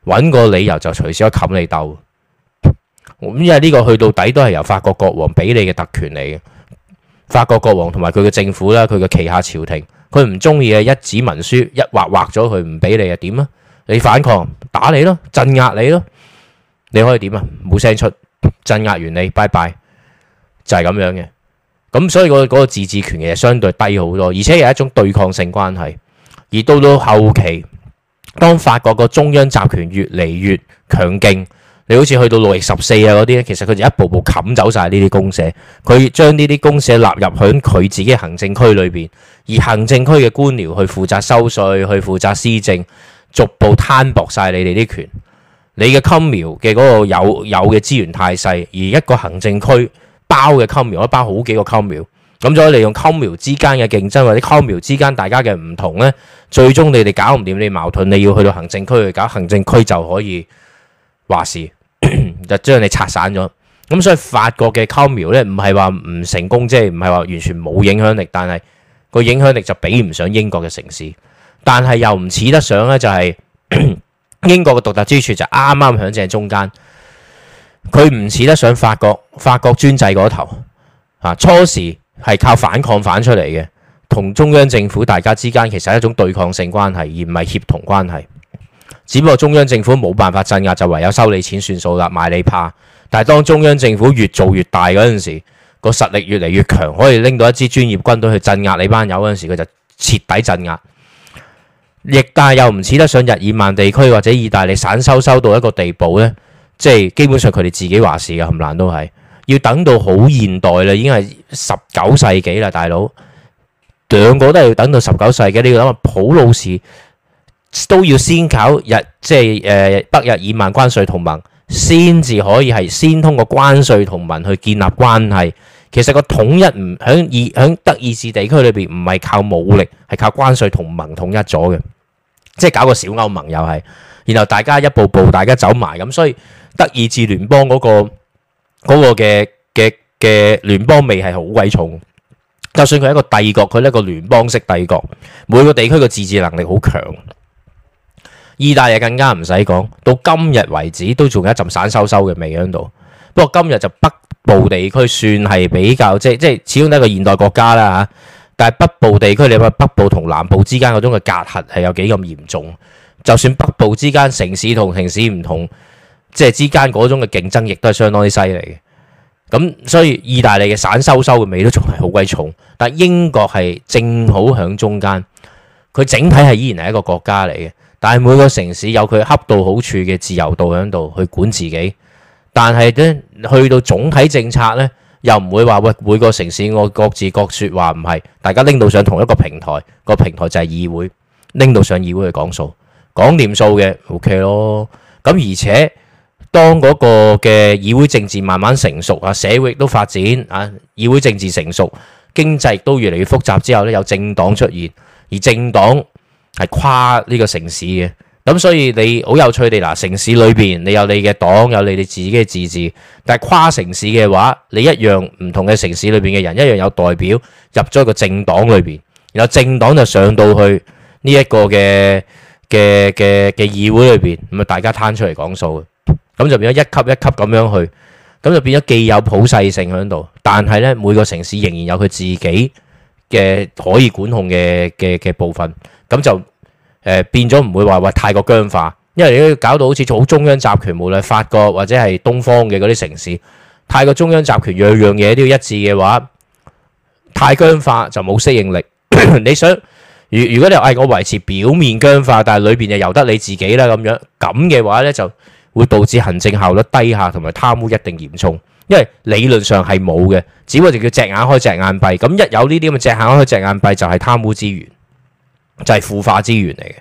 揾個理由就隨時去冚你鬥。咁因為呢個去到底都係由法國國王俾你嘅特權嚟嘅。法國國王同埋佢嘅政府啦，佢嘅旗下朝廷，佢唔中意嘅一紙文書一畫畫咗佢唔俾你又點啊？你反抗打你咯，鎮壓你咯，你可以點啊？冇聲出，鎮壓完你拜拜，就係咁樣嘅。咁所以個嗰個自治權其實相對低好多，而且有一種對抗性關係。而到到後期，當法國個中央集權越嚟越強勁，你好似去到路易十四啊嗰啲咧，其實佢就一步步冚走晒呢啲公社，佢將呢啲公社納入響佢自己行政區裏邊，而行政區嘅官僚去負責收稅、去負責施政，逐步攤薄晒你哋啲權。你嘅襟苗嘅嗰個有有嘅資源太細，而一個行政區。包嘅溝苗，一包好幾個溝苗，咁再利用溝苗之間嘅競爭或者溝苗之間大家嘅唔同呢，最終你哋搞唔掂你矛盾，你要去到行政區去搞，行政區就可以話事，就將你拆散咗。咁所以法國嘅溝苗呢，唔係話唔成功，即係唔係話完全冇影響力，但係個影響力就比唔上英國嘅城市，但係又唔似得上呢、就係，就係英國嘅獨特之處就啱啱響正中間。佢唔似得上法國，法國專制嗰頭啊。初時係靠反抗反出嚟嘅，同中央政府大家之間其實係一種對抗性關係，而唔係協同關係。只不過中央政府冇辦法鎮壓，就唯有收你錢算數啦，買你怕。但係當中央政府越做越大嗰陣時，個實力越嚟越強，可以拎到一支專業軍隊去鎮壓你班友嗰陣時，佢就徹底鎮壓。亦但又唔似得上日耳曼地區或者意大利散收收到一個地步呢。即係基本上，佢哋自己話事嘅。冚唥都係要等到好現代啦，已經係十九世紀啦，大佬兩個都係要等到十九世紀。你要諗下，普魯士都要先搞日，即係誒北日耳曼關稅同盟，先至可以係先通過關稅同盟去建立關係。其實個統一唔響二響德意志地區裏邊唔係靠武力，係靠關稅同盟統一咗嘅，即係搞個小歐盟又係，然後大家一步步，大家走埋咁，所以。德意志聯邦嗰個嗰個嘅嘅嘅聯邦味係好鬼重，就算佢係一個帝國，佢呢個聯邦式帝國，每個地區嘅自治能力好強。意大利更加唔使講，到今日為止都仲有一陣散收收嘅味喺度。不過今日就北部地區算係比較即即，始終都係一個現代國家啦嚇。但係北部地區你話北部同南部之間嗰種嘅隔閡係有幾咁嚴重？就算北部之間城市同城市唔同。即係之間嗰種嘅競爭，亦都係相當之犀利嘅。咁所以，意大利嘅散收收嘅味都仲係好鬼重。但英國係正好喺中間，佢整體係依然係一個國家嚟嘅。但係每個城市有佢恰到好處嘅自由度喺度去管自己。但係咧，去到總體政策呢，又唔會話喂，每個城市我各自各說話，唔係大家拎到上同一個平台，這個平台就係議會，拎到上議會去講數講掂數嘅 OK 咯。咁而且。當嗰個嘅議會政治慢慢成熟啊，社會都發展啊，議會政治成熟，經濟都越嚟越複雜之後咧，有政黨出現，而政黨係跨呢個城市嘅，咁所以你好有趣地嗱，城市裏邊你有你嘅黨，有你哋自己嘅自治，但係跨城市嘅話，你一樣唔同嘅城市裏邊嘅人一樣有代表入咗個政黨裏邊，然後政黨就上到去呢一個嘅嘅嘅嘅議會裏邊，咁啊大家攤出嚟講數。咁就變咗一級一級咁樣去，咁就變咗既有普世性喺度，但係呢，每個城市仍然有佢自己嘅可以管控嘅嘅嘅部分，咁就誒、呃、變咗唔會話話太過僵化，因為你搞到好似做中央集權，無論法國或者係東方嘅嗰啲城市，太過中央集權，樣樣嘢都要一致嘅話，太僵化就冇適應力。 你想如果如果你話、哎、我維持表面僵化，但係裏邊就由得你自己啦咁樣，咁嘅話呢就。會導致行政效率低下，同埋貪污一定嚴重。因為理論上係冇嘅，只不過就叫隻眼開隻眼閉。咁一有呢啲咁嘅隻眼開隻眼閉，就係貪污資源，就係腐化資源嚟嘅。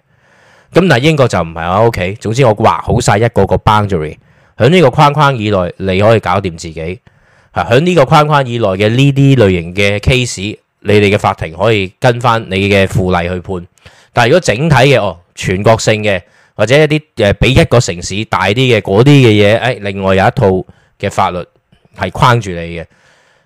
咁但英國就唔係啦。O K，總之我劃好晒一個個 boundary，喺呢個框框以內，你可以搞掂自己。喺呢個框框以內嘅呢啲類型嘅 case，你哋嘅法庭可以跟翻你嘅附例去判。但係如果整體嘅，哦，全國性嘅。或者一啲誒，比一個城市大啲嘅嗰啲嘅嘢，誒，另外有一套嘅法律係框住你嘅。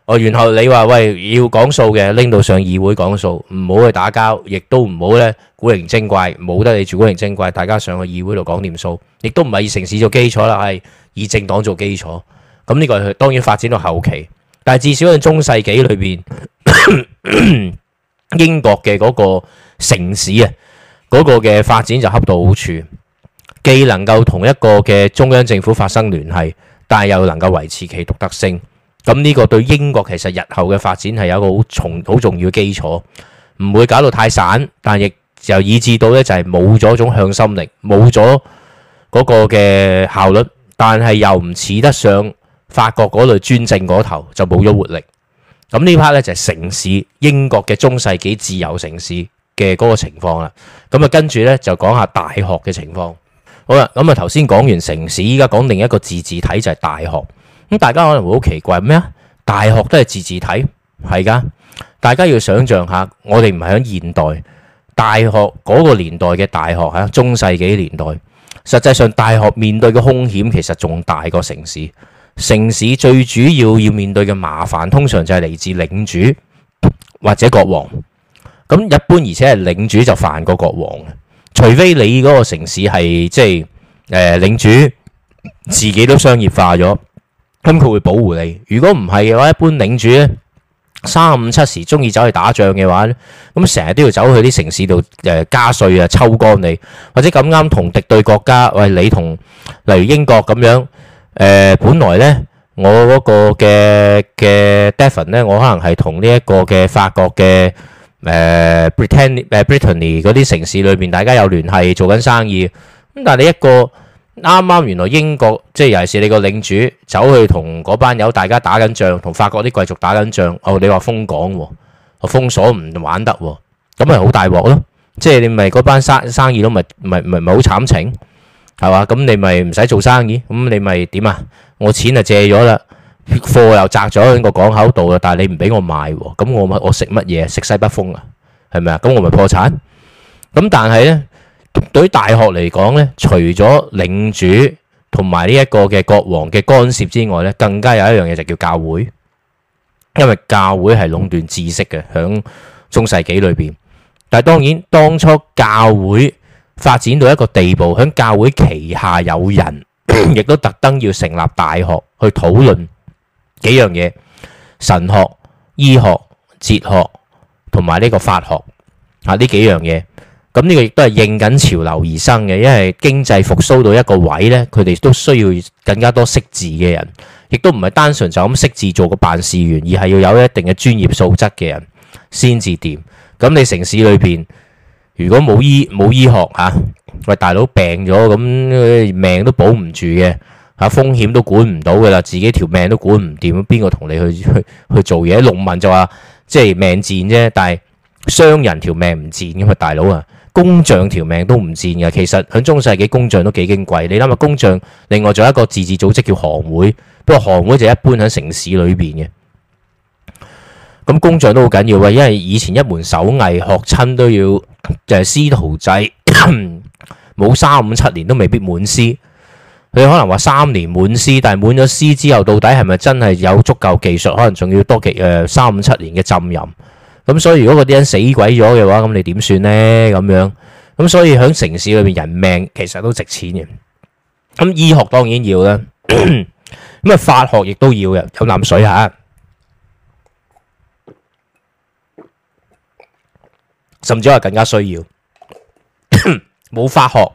哦，然後你話喂，要講數嘅拎到上議會講數，唔好去打交，亦都唔好咧古靈精怪，冇得你住古靈精怪。大家上去議會度講掂數，亦都唔係以城市做基礎啦，係以政黨做基礎。咁、嗯、呢、這個係當然發展到後期，但係至少喺中世紀裏邊， 英國嘅嗰個城市啊，嗰、那個嘅發展就恰到好處。既能夠同一個嘅中央政府發生聯繫，但係又能夠維持其獨特性，咁呢個對英國其實日後嘅發展係有一個好重好重要嘅基礎，唔會搞到太散，但係亦就以致到呢就係冇咗一種向心力，冇咗嗰個嘅效率，但係又唔似得上法國嗰類專政嗰頭就冇咗活力。咁呢 part 呢，就係城市英國嘅中世紀自由城市嘅嗰個情況啦。咁啊，跟住呢就講下大學嘅情況。好啦，咁啊，頭先講完城市，依家講另一個自治體就係大學。咁大家可能會好奇怪咩啊？大學都係自治體，係噶。大家要想象下，我哋唔係喺現代大學嗰個年代嘅大學吓，中世紀年代，實際上大學面對嘅風險其實仲大過城市。城市最主要要面對嘅麻煩，通常就係嚟自領主或者國王。咁一般，而且係領主就犯過國王除非你嗰個城市係即係誒領主自己都商業化咗，咁佢會保護你。如果唔係嘅話，一般領主咧三五七時鍾意走去打仗嘅話咧，咁成日都要走去啲城市度誒加稅啊、抽乾你，或者咁啱同敵對國家喂你同，例如英國咁樣誒、呃，本來咧我嗰個嘅嘅 Devin 咧，我可能係同呢一個嘅法國嘅。誒 Brittany 誒 Brittany 嗰啲城市裏邊，大家有聯繫做緊生意，咁但係你一個啱啱原來英國即係尤其是你個領主走去同嗰班友大家打緊仗，同法國啲貴族打緊仗，哦你話封港喎，封鎖唔玩得喎，咁咪好大鑊咯，即係你咪嗰班生生意都咪咪咪咪好慘情，係嘛？咁你咪唔使做生意，咁你咪點啊？我錢就借咗啦，貨又擲咗喺個港口度啦，但係你唔俾我賣喎，咁我咪我食乜嘢？食西北風啊，係咪啊？咁我咪破產咁。但係咧，對於大學嚟講咧，除咗領主同埋呢一個嘅國王嘅干涉之外咧，更加有一樣嘢就叫教會，因為教會係壟斷知識嘅喺中世紀裏邊。但係當然當初教會發展到一個地步，喺教會旗下有人，亦都特登要成立大學去討論。幾樣嘢，神學、醫學、哲學同埋呢個法學啊，呢幾樣嘢，咁呢個亦都係應緊潮流而生嘅，因為經濟復蘇到一個位呢，佢哋都需要更加多識字嘅人，亦都唔係單純就咁識字做個辦事員，而係要有一定嘅專業素質嘅人先至掂。咁你城市裏邊如果冇醫冇醫學啊，喂大佬病咗咁命都保唔住嘅。啊風險都管唔到嘅啦，自己條命都管唔掂，邊個同你去去去做嘢？農民就話即係命賤啫，但係商人條命唔賤嘅嘛，大佬啊，工匠條命都唔賤嘅。其實喺中世紀，工匠都幾矜貴。你諗下，工匠另外仲有一個自治組織叫行會，不過行會就一般喺城市裏邊嘅。咁工匠都好緊要啊，因為以前一門手藝學親都要就係師徒制，冇三五七年都未必滿師。你可能話三年滿師，但係滿咗師之後，到底係咪真係有足夠技術？可能仲要多幾誒三五七年嘅浸淫咁，所以如果嗰啲人死鬼咗嘅話，咁你點算呢？咁樣咁，所以喺城市裏面，人命其實都值錢嘅。咁醫學當然要啦，咁啊法學亦都要嘅。飲啖水吓，甚至話更加需要冇法學，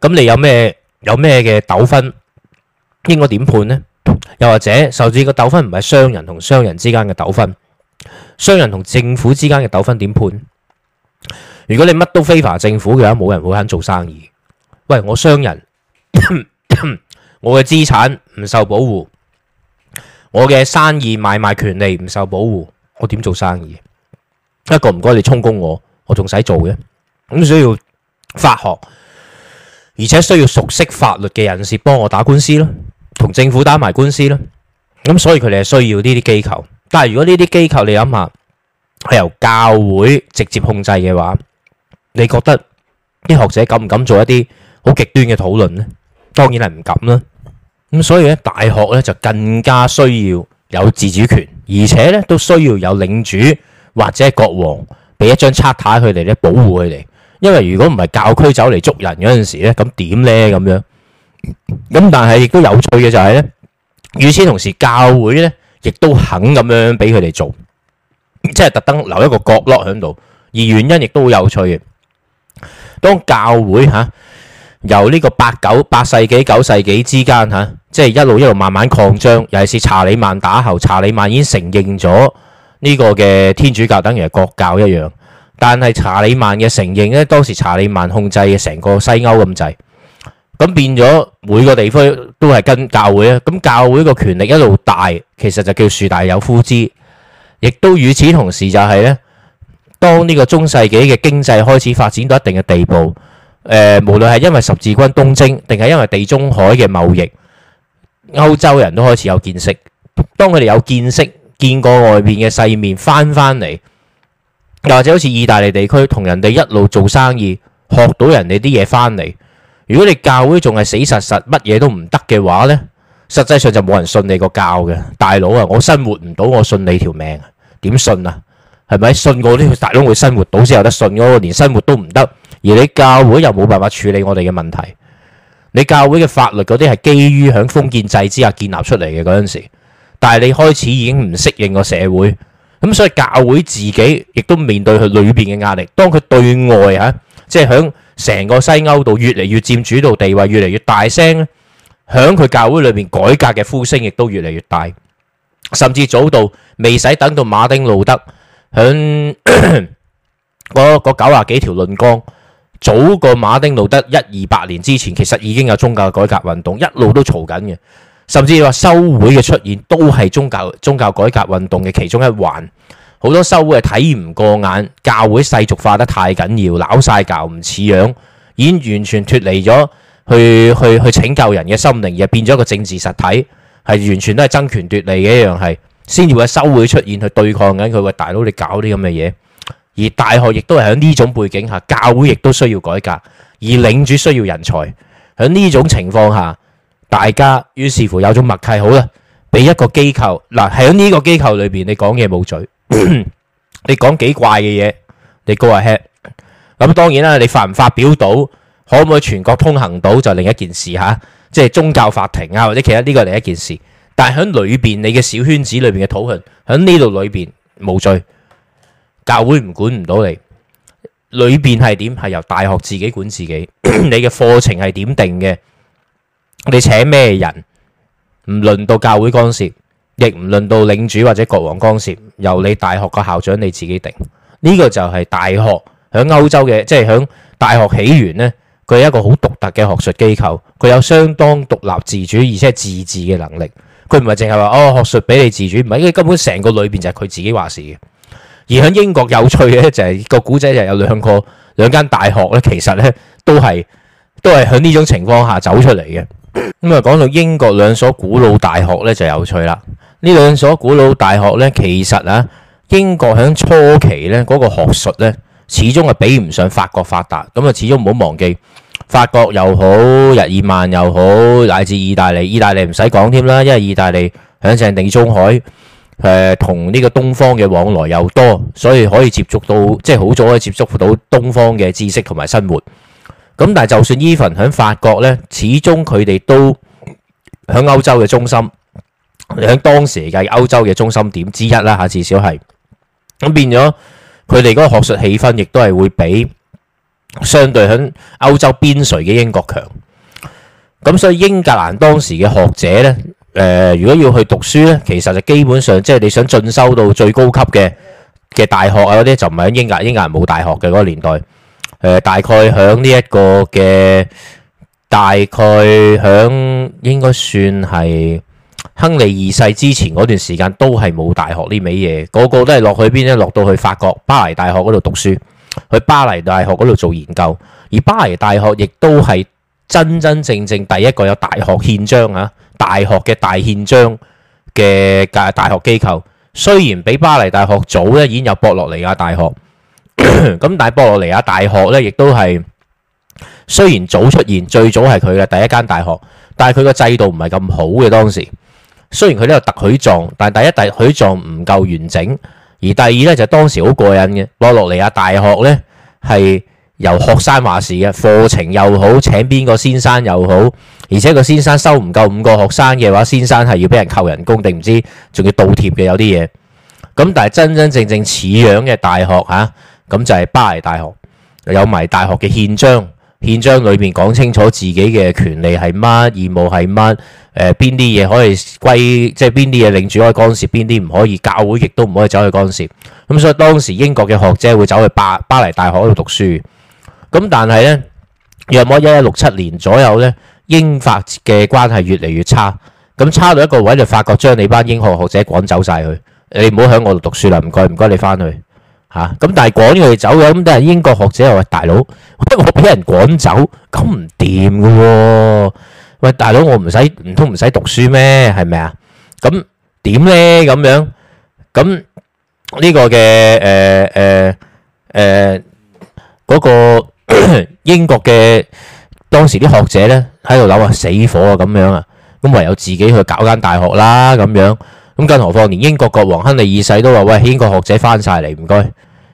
咁你有咩？有咩嘅糾紛應該點判呢？又或者受資嘅糾紛唔係商人同商人之間嘅糾紛，商人同政府之間嘅糾紛點判？如果你乜都非法政府嘅話，冇人會肯做生意。喂，我商人， 我嘅資產唔受保護，我嘅生意買賣,賣權利唔受保護，我點做生意？一個唔該你充公，我，我仲使做嘅？咁需要法學。而且需要熟悉法律嘅人士幫我打官司咯，同政府打埋官司咯，咁所以佢哋係需要呢啲機構。但係如果呢啲機構你諗下係由教會直接控制嘅話，你覺得啲學者敢唔敢做一啲好極端嘅討論呢？當然係唔敢啦。咁所以咧，大學咧就更加需要有自主權，而且咧都需要有領主或者國王俾一張拆牌佢哋咧保護佢哋。因為如果唔係教區走嚟捉人嗰陣時咧，咁點咧咁樣？咁但係亦都有趣嘅就係咧，與此同時教會咧亦都肯咁樣俾佢哋做，即係特登留一個角落喺度。而原因亦都好有趣嘅，當教會吓由呢個八九八世紀九世紀之間吓，即係一路一路慢慢擴張，尤其是查理曼打後，查理曼已經承認咗呢個嘅天主教等於係國教一樣。但係查理曼嘅承認咧，當時查理曼控制嘅成個西歐咁滯，咁變咗每個地方都係跟教會咧。咁教會個權力一路大，其實就叫樹大有枯枝。亦都與此同時就係、是、咧，當呢個中世紀嘅經濟開始發展到一定嘅地步，誒、呃，無論係因為十字軍東征定係因為地中海嘅貿易，歐洲人都開始有見識。當佢哋有見識，見過外邊嘅世面，翻返嚟。又或者好似意大利地區，同人哋一路做生意，學到人哋啲嘢翻嚟。如果你教會仲係死實實，乜嘢都唔得嘅話呢，實際上就冇人信你個教嘅。大佬啊，我生活唔到，我信你條命點信啊？係咪信我呢個大佬會生活到先有得信我？我連生活都唔得，而你教會又冇辦法處理我哋嘅問題。你教會嘅法律嗰啲係基於響封建制之下建立出嚟嘅嗰陣時，但係你開始已經唔適應個社會。.咁所以教會自己亦都面對佢裏邊嘅壓力。當佢對外嚇，即係響成個西歐度越嚟越佔主導地位，越嚟越大聲咧。響佢教會裏邊改革嘅呼聲亦都越嚟越大，甚至早到未使等到馬丁路德，響嗰嗰九啊幾條論綱，早過馬丁路德一二百年之前，其實已經有宗教嘅改革運動，一路都嘈緊嘅。甚至你話修會嘅出現都係宗教宗教改革運動嘅其中一環，好多修會嘅睇唔過眼，教會世俗化得太緊要，扭晒教唔似樣，已經完全脫離咗去去去，去，去拯救人嘅心靈，而變咗一個政治實體，係完全都係爭權奪利嘅一樣，係先至會喺修會出現去對抗緊佢，喂，大佬你搞啲咁嘅嘢，而大學亦都係喺呢種背景下，教會亦都需要改革，而領主需要人才，喺呢種情況下。大家於是乎有種默契，好啦，俾一個機構嗱，喺呢個機構裏邊，你講嘢冇罪，你講幾怪嘅嘢，你 go ahead。咁當然啦，你發唔發表到，可唔可以全國通行到就另一件事吓，即係宗教法庭啊，或者其他呢個係另一件事。但係喺裏邊你嘅小圈子裏邊嘅討論，喺呢度裏邊冇罪，教會唔管唔到你。裏邊係點係由大學自己管自己，你嘅課程係點定嘅？你請咩人唔輪到教會干涉，亦唔輪到領主或者國王干涉，由你大學個校長你自己定。呢個就係大學喺歐洲嘅，即係喺大學起源呢。佢係一個好獨特嘅學術機構，佢有相當獨立自主而且係自治嘅能力。佢唔係淨係話哦，學術俾你自主，唔係因為根本成個裏邊就係佢自己話事嘅。而喺英國有趣嘅就係個古仔，就有兩個兩間大學咧，其實咧都係都係喺呢種情況下走出嚟嘅。咁啊，講到英國兩所古老大學咧就有趣啦。呢兩所古老大學咧，其實啊，英國喺初期咧嗰個學術咧，始終係比唔上法國發達。咁啊，始終唔好忘記法國又好，日耳曼又好，乃至意大利。意大利唔使講添啦，因為意大利響正地中海，誒，同呢個東方嘅往來又多，所以可以接觸到，即係好早可以接觸到東方嘅知識同埋生活。咁但係就算 even 喺法國咧，始終佢哋都喺歐洲嘅中心，喺當時嘅歐洲嘅中心點之一啦嚇，至少係，咁變咗佢哋嗰個學術氣氛，亦都係會比相對喺歐洲邊陲嘅英國強。咁所以英格蘭當時嘅學者咧，誒，如果要去讀書咧，其實就基本上，即係你想進修到最高級嘅嘅大學啊嗰啲，就唔係喺英格英格蘭冇大學嘅嗰個年代。誒、呃，大概響呢一個嘅，大概響應該算係亨利二世之前嗰段時間都係冇大學呢味嘢，個個都係落去邊咧？落到去法國巴黎大學嗰度讀書，去巴黎大學嗰度做研究，而巴黎大學亦都係真真正正第一個有大學憲章啊，大學嘅大憲章嘅大學機構，雖然比巴黎大學早咧，已經有博洛尼亞大學。咁 但係波洛尼亞大學咧，亦都係雖然早出現，最早係佢嘅第一間大學，但係佢個制度唔係咁好嘅。當時雖然佢有呢個特許狀，但係第一特許狀唔夠完整，而第二咧就是、當時好過癮嘅波洛尼亞大學咧係由學生話事嘅課程又好，請邊個先生又好，而且個先生收唔夠五個學生嘅話，先生係要俾人扣人工定唔知仲要倒貼嘅有啲嘢。咁但係真真正正似樣嘅大學吓。啊咁就係巴黎大學有埋大學嘅憲章，憲章裏面講清楚自己嘅權利係乜，義務係乜，誒邊啲嘢可以歸，即係邊啲嘢領主可以干涉，邊啲唔可以。教會亦都唔可以走去干涉。咁所以當時英國嘅學者會走去巴巴黎大學度讀書。咁但係呢，約莫一一六七年左右呢，英法嘅關係越嚟越差，咁差到一個位就發覺將你班英學學者趕走晒佢，你唔好喺我度讀書啦，唔該唔該你返去。吓咁、啊，但係趕佢哋走嘅咁，但係英國學者又話：大佬，我俾人趕走咁唔掂㗎喎。喂，大佬，我唔使唔通唔使讀書咩？係咪啊？咁點咧？咁樣咁呢樣樣樣、這個嘅誒誒誒嗰個 英國嘅當時啲學者咧喺度諗啊，死火啊，咁樣啊，咁唯有自己去搞間大學啦咁樣。咁更何況，連英國國王亨利二世都話：喂，英國學者翻晒嚟，唔該，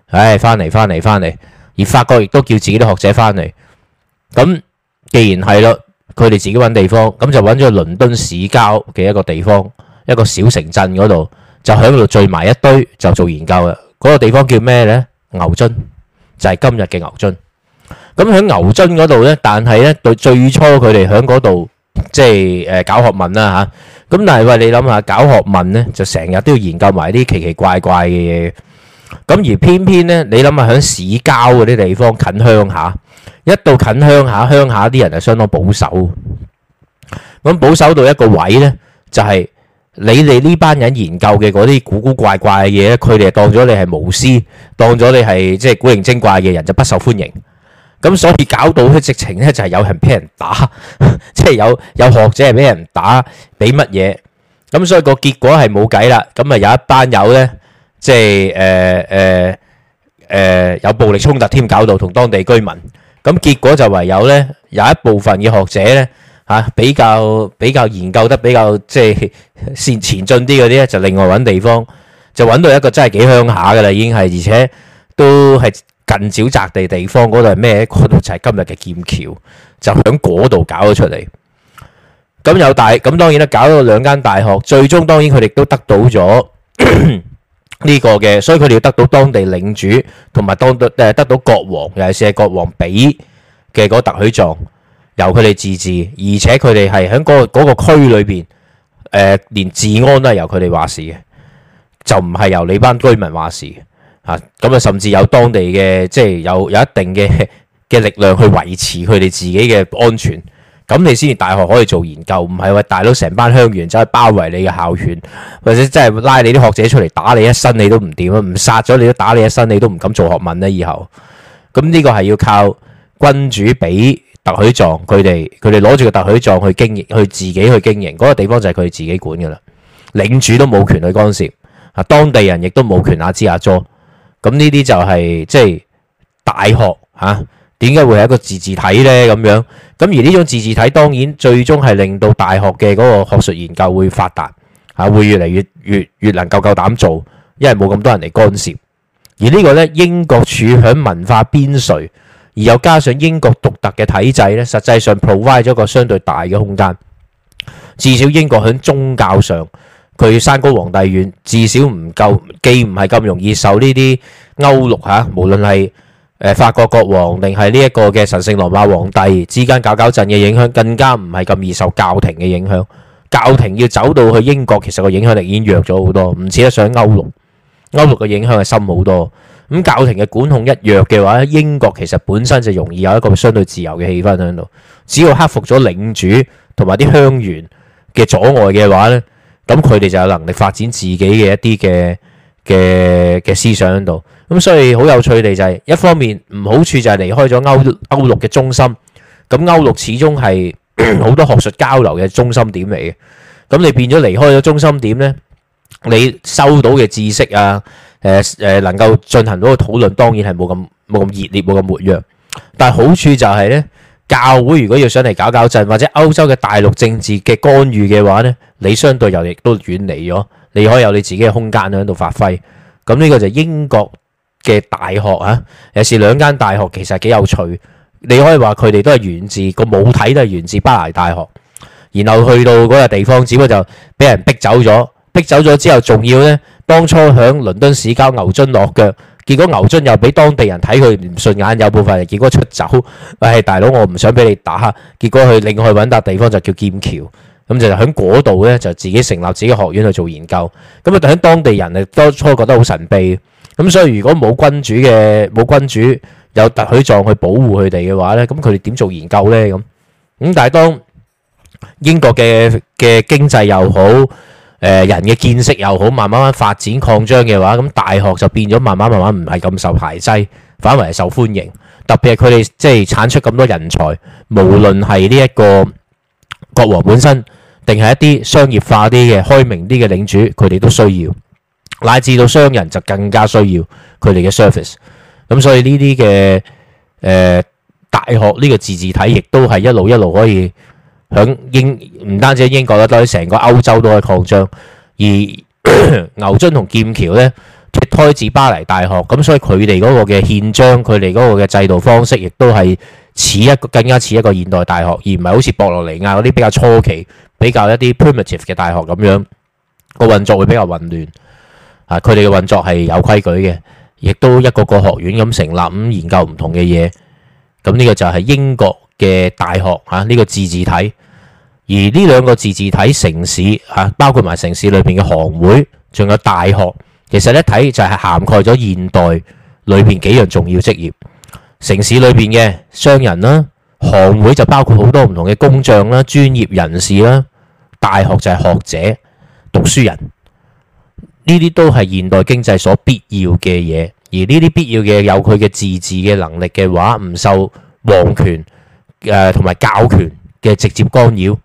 唉、哎，翻嚟翻嚟翻嚟。而法國亦都叫自己啲學者翻嚟。咁既然係咯，佢哋自己揾地方，咁就揾咗倫敦市郊嘅一個地方，一個小城鎮嗰度，就喺度聚埋一堆，就做研究啦。嗰個地方叫咩呢？牛津，就係今日嘅牛津。咁喺牛津嗰度呢，但係呢，對最初佢哋喺嗰度，即係搞學問啦嚇。咁但係喂，你諗下搞學問咧，就成日都要研究埋啲奇奇怪怪嘅嘢。咁而偏偏咧，你諗下喺市郊嗰啲地方近鄉下，一到近鄉下，鄉下啲人就相當保守。咁保守到一個位咧，就係你哋呢班人研究嘅嗰啲古古怪怪嘅嘢，佢哋就當咗你係巫師，當咗你係即係古靈精怪嘅人，就不受歡迎。咁所以搞到佢直情咧就係有人俾人打，即 係有有學者係俾人打俾乜嘢，咁所以個結果係冇計啦。咁啊有一班友咧，即係誒誒誒有暴力衝突添，搞到同當地居民。咁結果就唯有咧有一部分嘅學者咧嚇、啊、比較比較研究得比較即係前前進啲嗰啲咧，就另外揾地方，就揾到一個真係幾鄉下噶啦，已經係而且都係。近沼澤地地方嗰度係咩？嗰度就係今日嘅劍橋，就喺嗰度搞咗出嚟。咁又大咁，當然啦，搞咗兩間大學，最終當然佢哋都得到咗呢、 這個嘅，所以佢哋要得到當地領主同埋當誒得到國王尤其係國王俾嘅嗰個特許狀，由佢哋自治，而且佢哋係喺嗰個嗰、嗰個區裏邊誒、呃，連治安都係由佢哋話事嘅，就唔係由你班居民話事。啊，咁啊，甚至有當地嘅，即係有有一定嘅嘅力量去維持佢哋自己嘅安全，咁你先至大學可以做研究。唔係話，大佬成班鄉員走去包圍你嘅校園，或者真係拉你啲學者出嚟打你一身，你都唔掂啊！唔殺咗你都打你一身，你都唔敢做學問啦。以後咁呢個係要靠君主俾特許狀，佢哋佢哋攞住個特許狀去經營，去自己去經營嗰個地方就係佢哋自己管噶啦。領主都冇權去干涉啊，當地人亦都冇權壓支壓咁呢啲就係即係大學嚇，點解會係一個自治體呢？咁樣咁，而呢種自治體當然最終係令到大學嘅嗰個學術研究會發達嚇，會越嚟越越，越能夠夠膽做，因為冇咁多人嚟干涉。而呢個呢，英國處響文化邊陲，而又加上英國獨特嘅體制咧，實際上 provide 咗個相對大嘅空間。至少英國響宗教上。佢山高皇帝遠，至少唔夠，既唔係咁容易受呢啲歐陸吓，無論係誒法國國王，定係呢一個嘅神聖羅馬皇帝之間搞搞震嘅影響，更加唔係咁易受教廷嘅影響。教廷要走到去英國，其實個影響力已經弱咗好多，唔似得上歐陸。歐陸嘅影響係深好多。咁教廷嘅管控一弱嘅話，英國其實本身就容易有一個相對自由嘅氣氛喺度。只要克服咗領主同埋啲鄉員嘅阻礙嘅話咧。咁佢哋就有能力發展自己嘅一啲嘅嘅嘅思想喺度，咁所以好有趣嘅就係一方面唔好處就係離開咗歐歐陸嘅中心，咁歐陸始終係好多學術交流嘅中心點嚟嘅，咁你變咗離開咗中心點呢？你收到嘅知識啊、呃，誒、呃、誒，能夠進行到個討論當然係冇咁冇咁熱烈，冇咁活躍，但係好處就係呢。教會如果要上嚟搞搞震，或者歐洲嘅大陸政治嘅干預嘅話呢，你相對又亦都遠離咗，你可以有你自己嘅空間喺度發揮。咁呢個就英國嘅大學啊，有時兩間大學其實幾有趣。你可以話佢哋都係源自個母體，都係源自巴黎大學，然後去到嗰個地方，只不過就俾人逼走咗，逼走咗之後仲要呢，當初喺倫敦市郊牛津落腳。結果牛津又俾當地人睇佢唔順眼，有部分人結果出走。喂，大佬我唔想俾你打。結果佢另外去揾笪地方就叫劍橋，咁就喺嗰度咧就自己成立自己學院去做研究。咁啊，但喺當地人啊當初覺得好神秘。咁所以如果冇君主嘅冇君主有特許狀去保護佢哋嘅話咧，咁佢哋點做研究咧咁？咁但係當英國嘅嘅經濟又好。誒、呃、人嘅見識又好，慢慢慢慢發展擴張嘅話，咁大學就變咗慢慢慢慢唔係咁受排擠，反為受歡迎。特別係佢哋即係產出咁多人才，無論係呢一個國王本身，定係一啲商業化啲嘅開明啲嘅領主，佢哋都需要，乃至到商人就更加需要佢哋嘅 service。咁所以呢啲嘅誒大學呢個自治體，亦都係一路一路可以。響英唔單止喺英國啦，都喺成個歐洲都係擴張。而 牛津同劍橋呢，脫胎自巴黎大學咁，所以佢哋嗰個嘅憲章，佢哋嗰個嘅制度方式，亦都係似一個更加似一個現代大學，而唔係好似博洛尼亞嗰啲比較初期、比較一啲 primitive 嘅大學咁樣個運作會比較混亂啊。佢哋嘅運作係有規矩嘅，亦都一個個學院咁成立咁研究唔同嘅嘢。咁呢個就係英國嘅大學嚇呢、啊呢個自治體。而呢兩個自治體城市吓，包括埋城市裏邊嘅行會，仲有大學。其實一睇就係涵蓋咗現代裏邊幾樣重要職業。城市裏邊嘅商人啦，行會就包括好多唔同嘅工匠啦、專業人士啦，大學就係學者、讀書人。呢啲都係現代經濟所必要嘅嘢。而呢啲必要嘅嘢，有佢嘅自治嘅能力嘅話，唔受皇權誒同埋教權嘅直接干擾。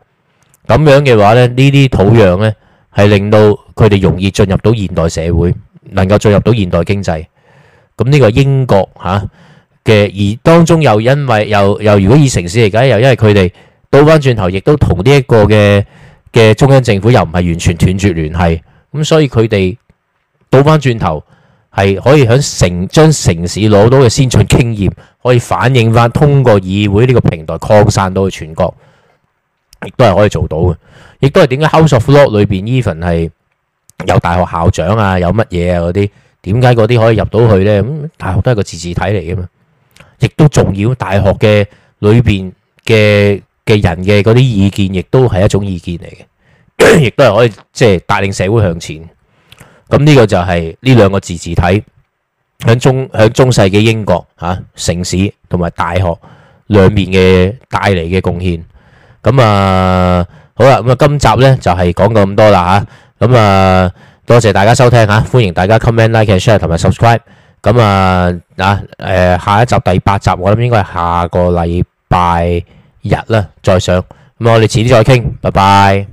咁樣嘅話呢，呢啲土壤呢，係令到佢哋容易進入到現代社會，能夠進入到現代經濟。咁、這、呢個英國嚇嘅，而當中又因為又又，又如果以城市嚟講，又因為佢哋倒翻轉頭，亦都同呢一個嘅嘅中央政府又唔係完全斷絕聯繫。咁所以佢哋倒翻轉頭係可以喺城將城市攞到嘅先進經驗，可以反映翻通過議會呢個平台擴散到去全國。亦都係可以做到嘅，亦都係點解 House of Lords 裏邊 even 係有大學校長啊，有乜嘢啊嗰啲，點解嗰啲可以入到去呢？咁大學都係個自治體嚟嘅嘛，亦都重要。大學嘅裏邊嘅嘅人嘅嗰啲意見，亦都係一種意見嚟嘅，亦都係可以即係帶領社會向前。咁呢個就係呢兩個自治體響中響中世紀英國吓、啊、城市同埋大學兩面嘅帶嚟嘅貢獻。咁啊，好啦，咁啊，今集咧就係講咁多啦吓。咁啊，多謝大家收聽吓，歡迎大家 comment like share 同埋 subscribe，咁啊，嗱，誒，下一集第八集，我諗應該係下個禮拜日啦再上，咁我哋遲啲再傾，拜拜。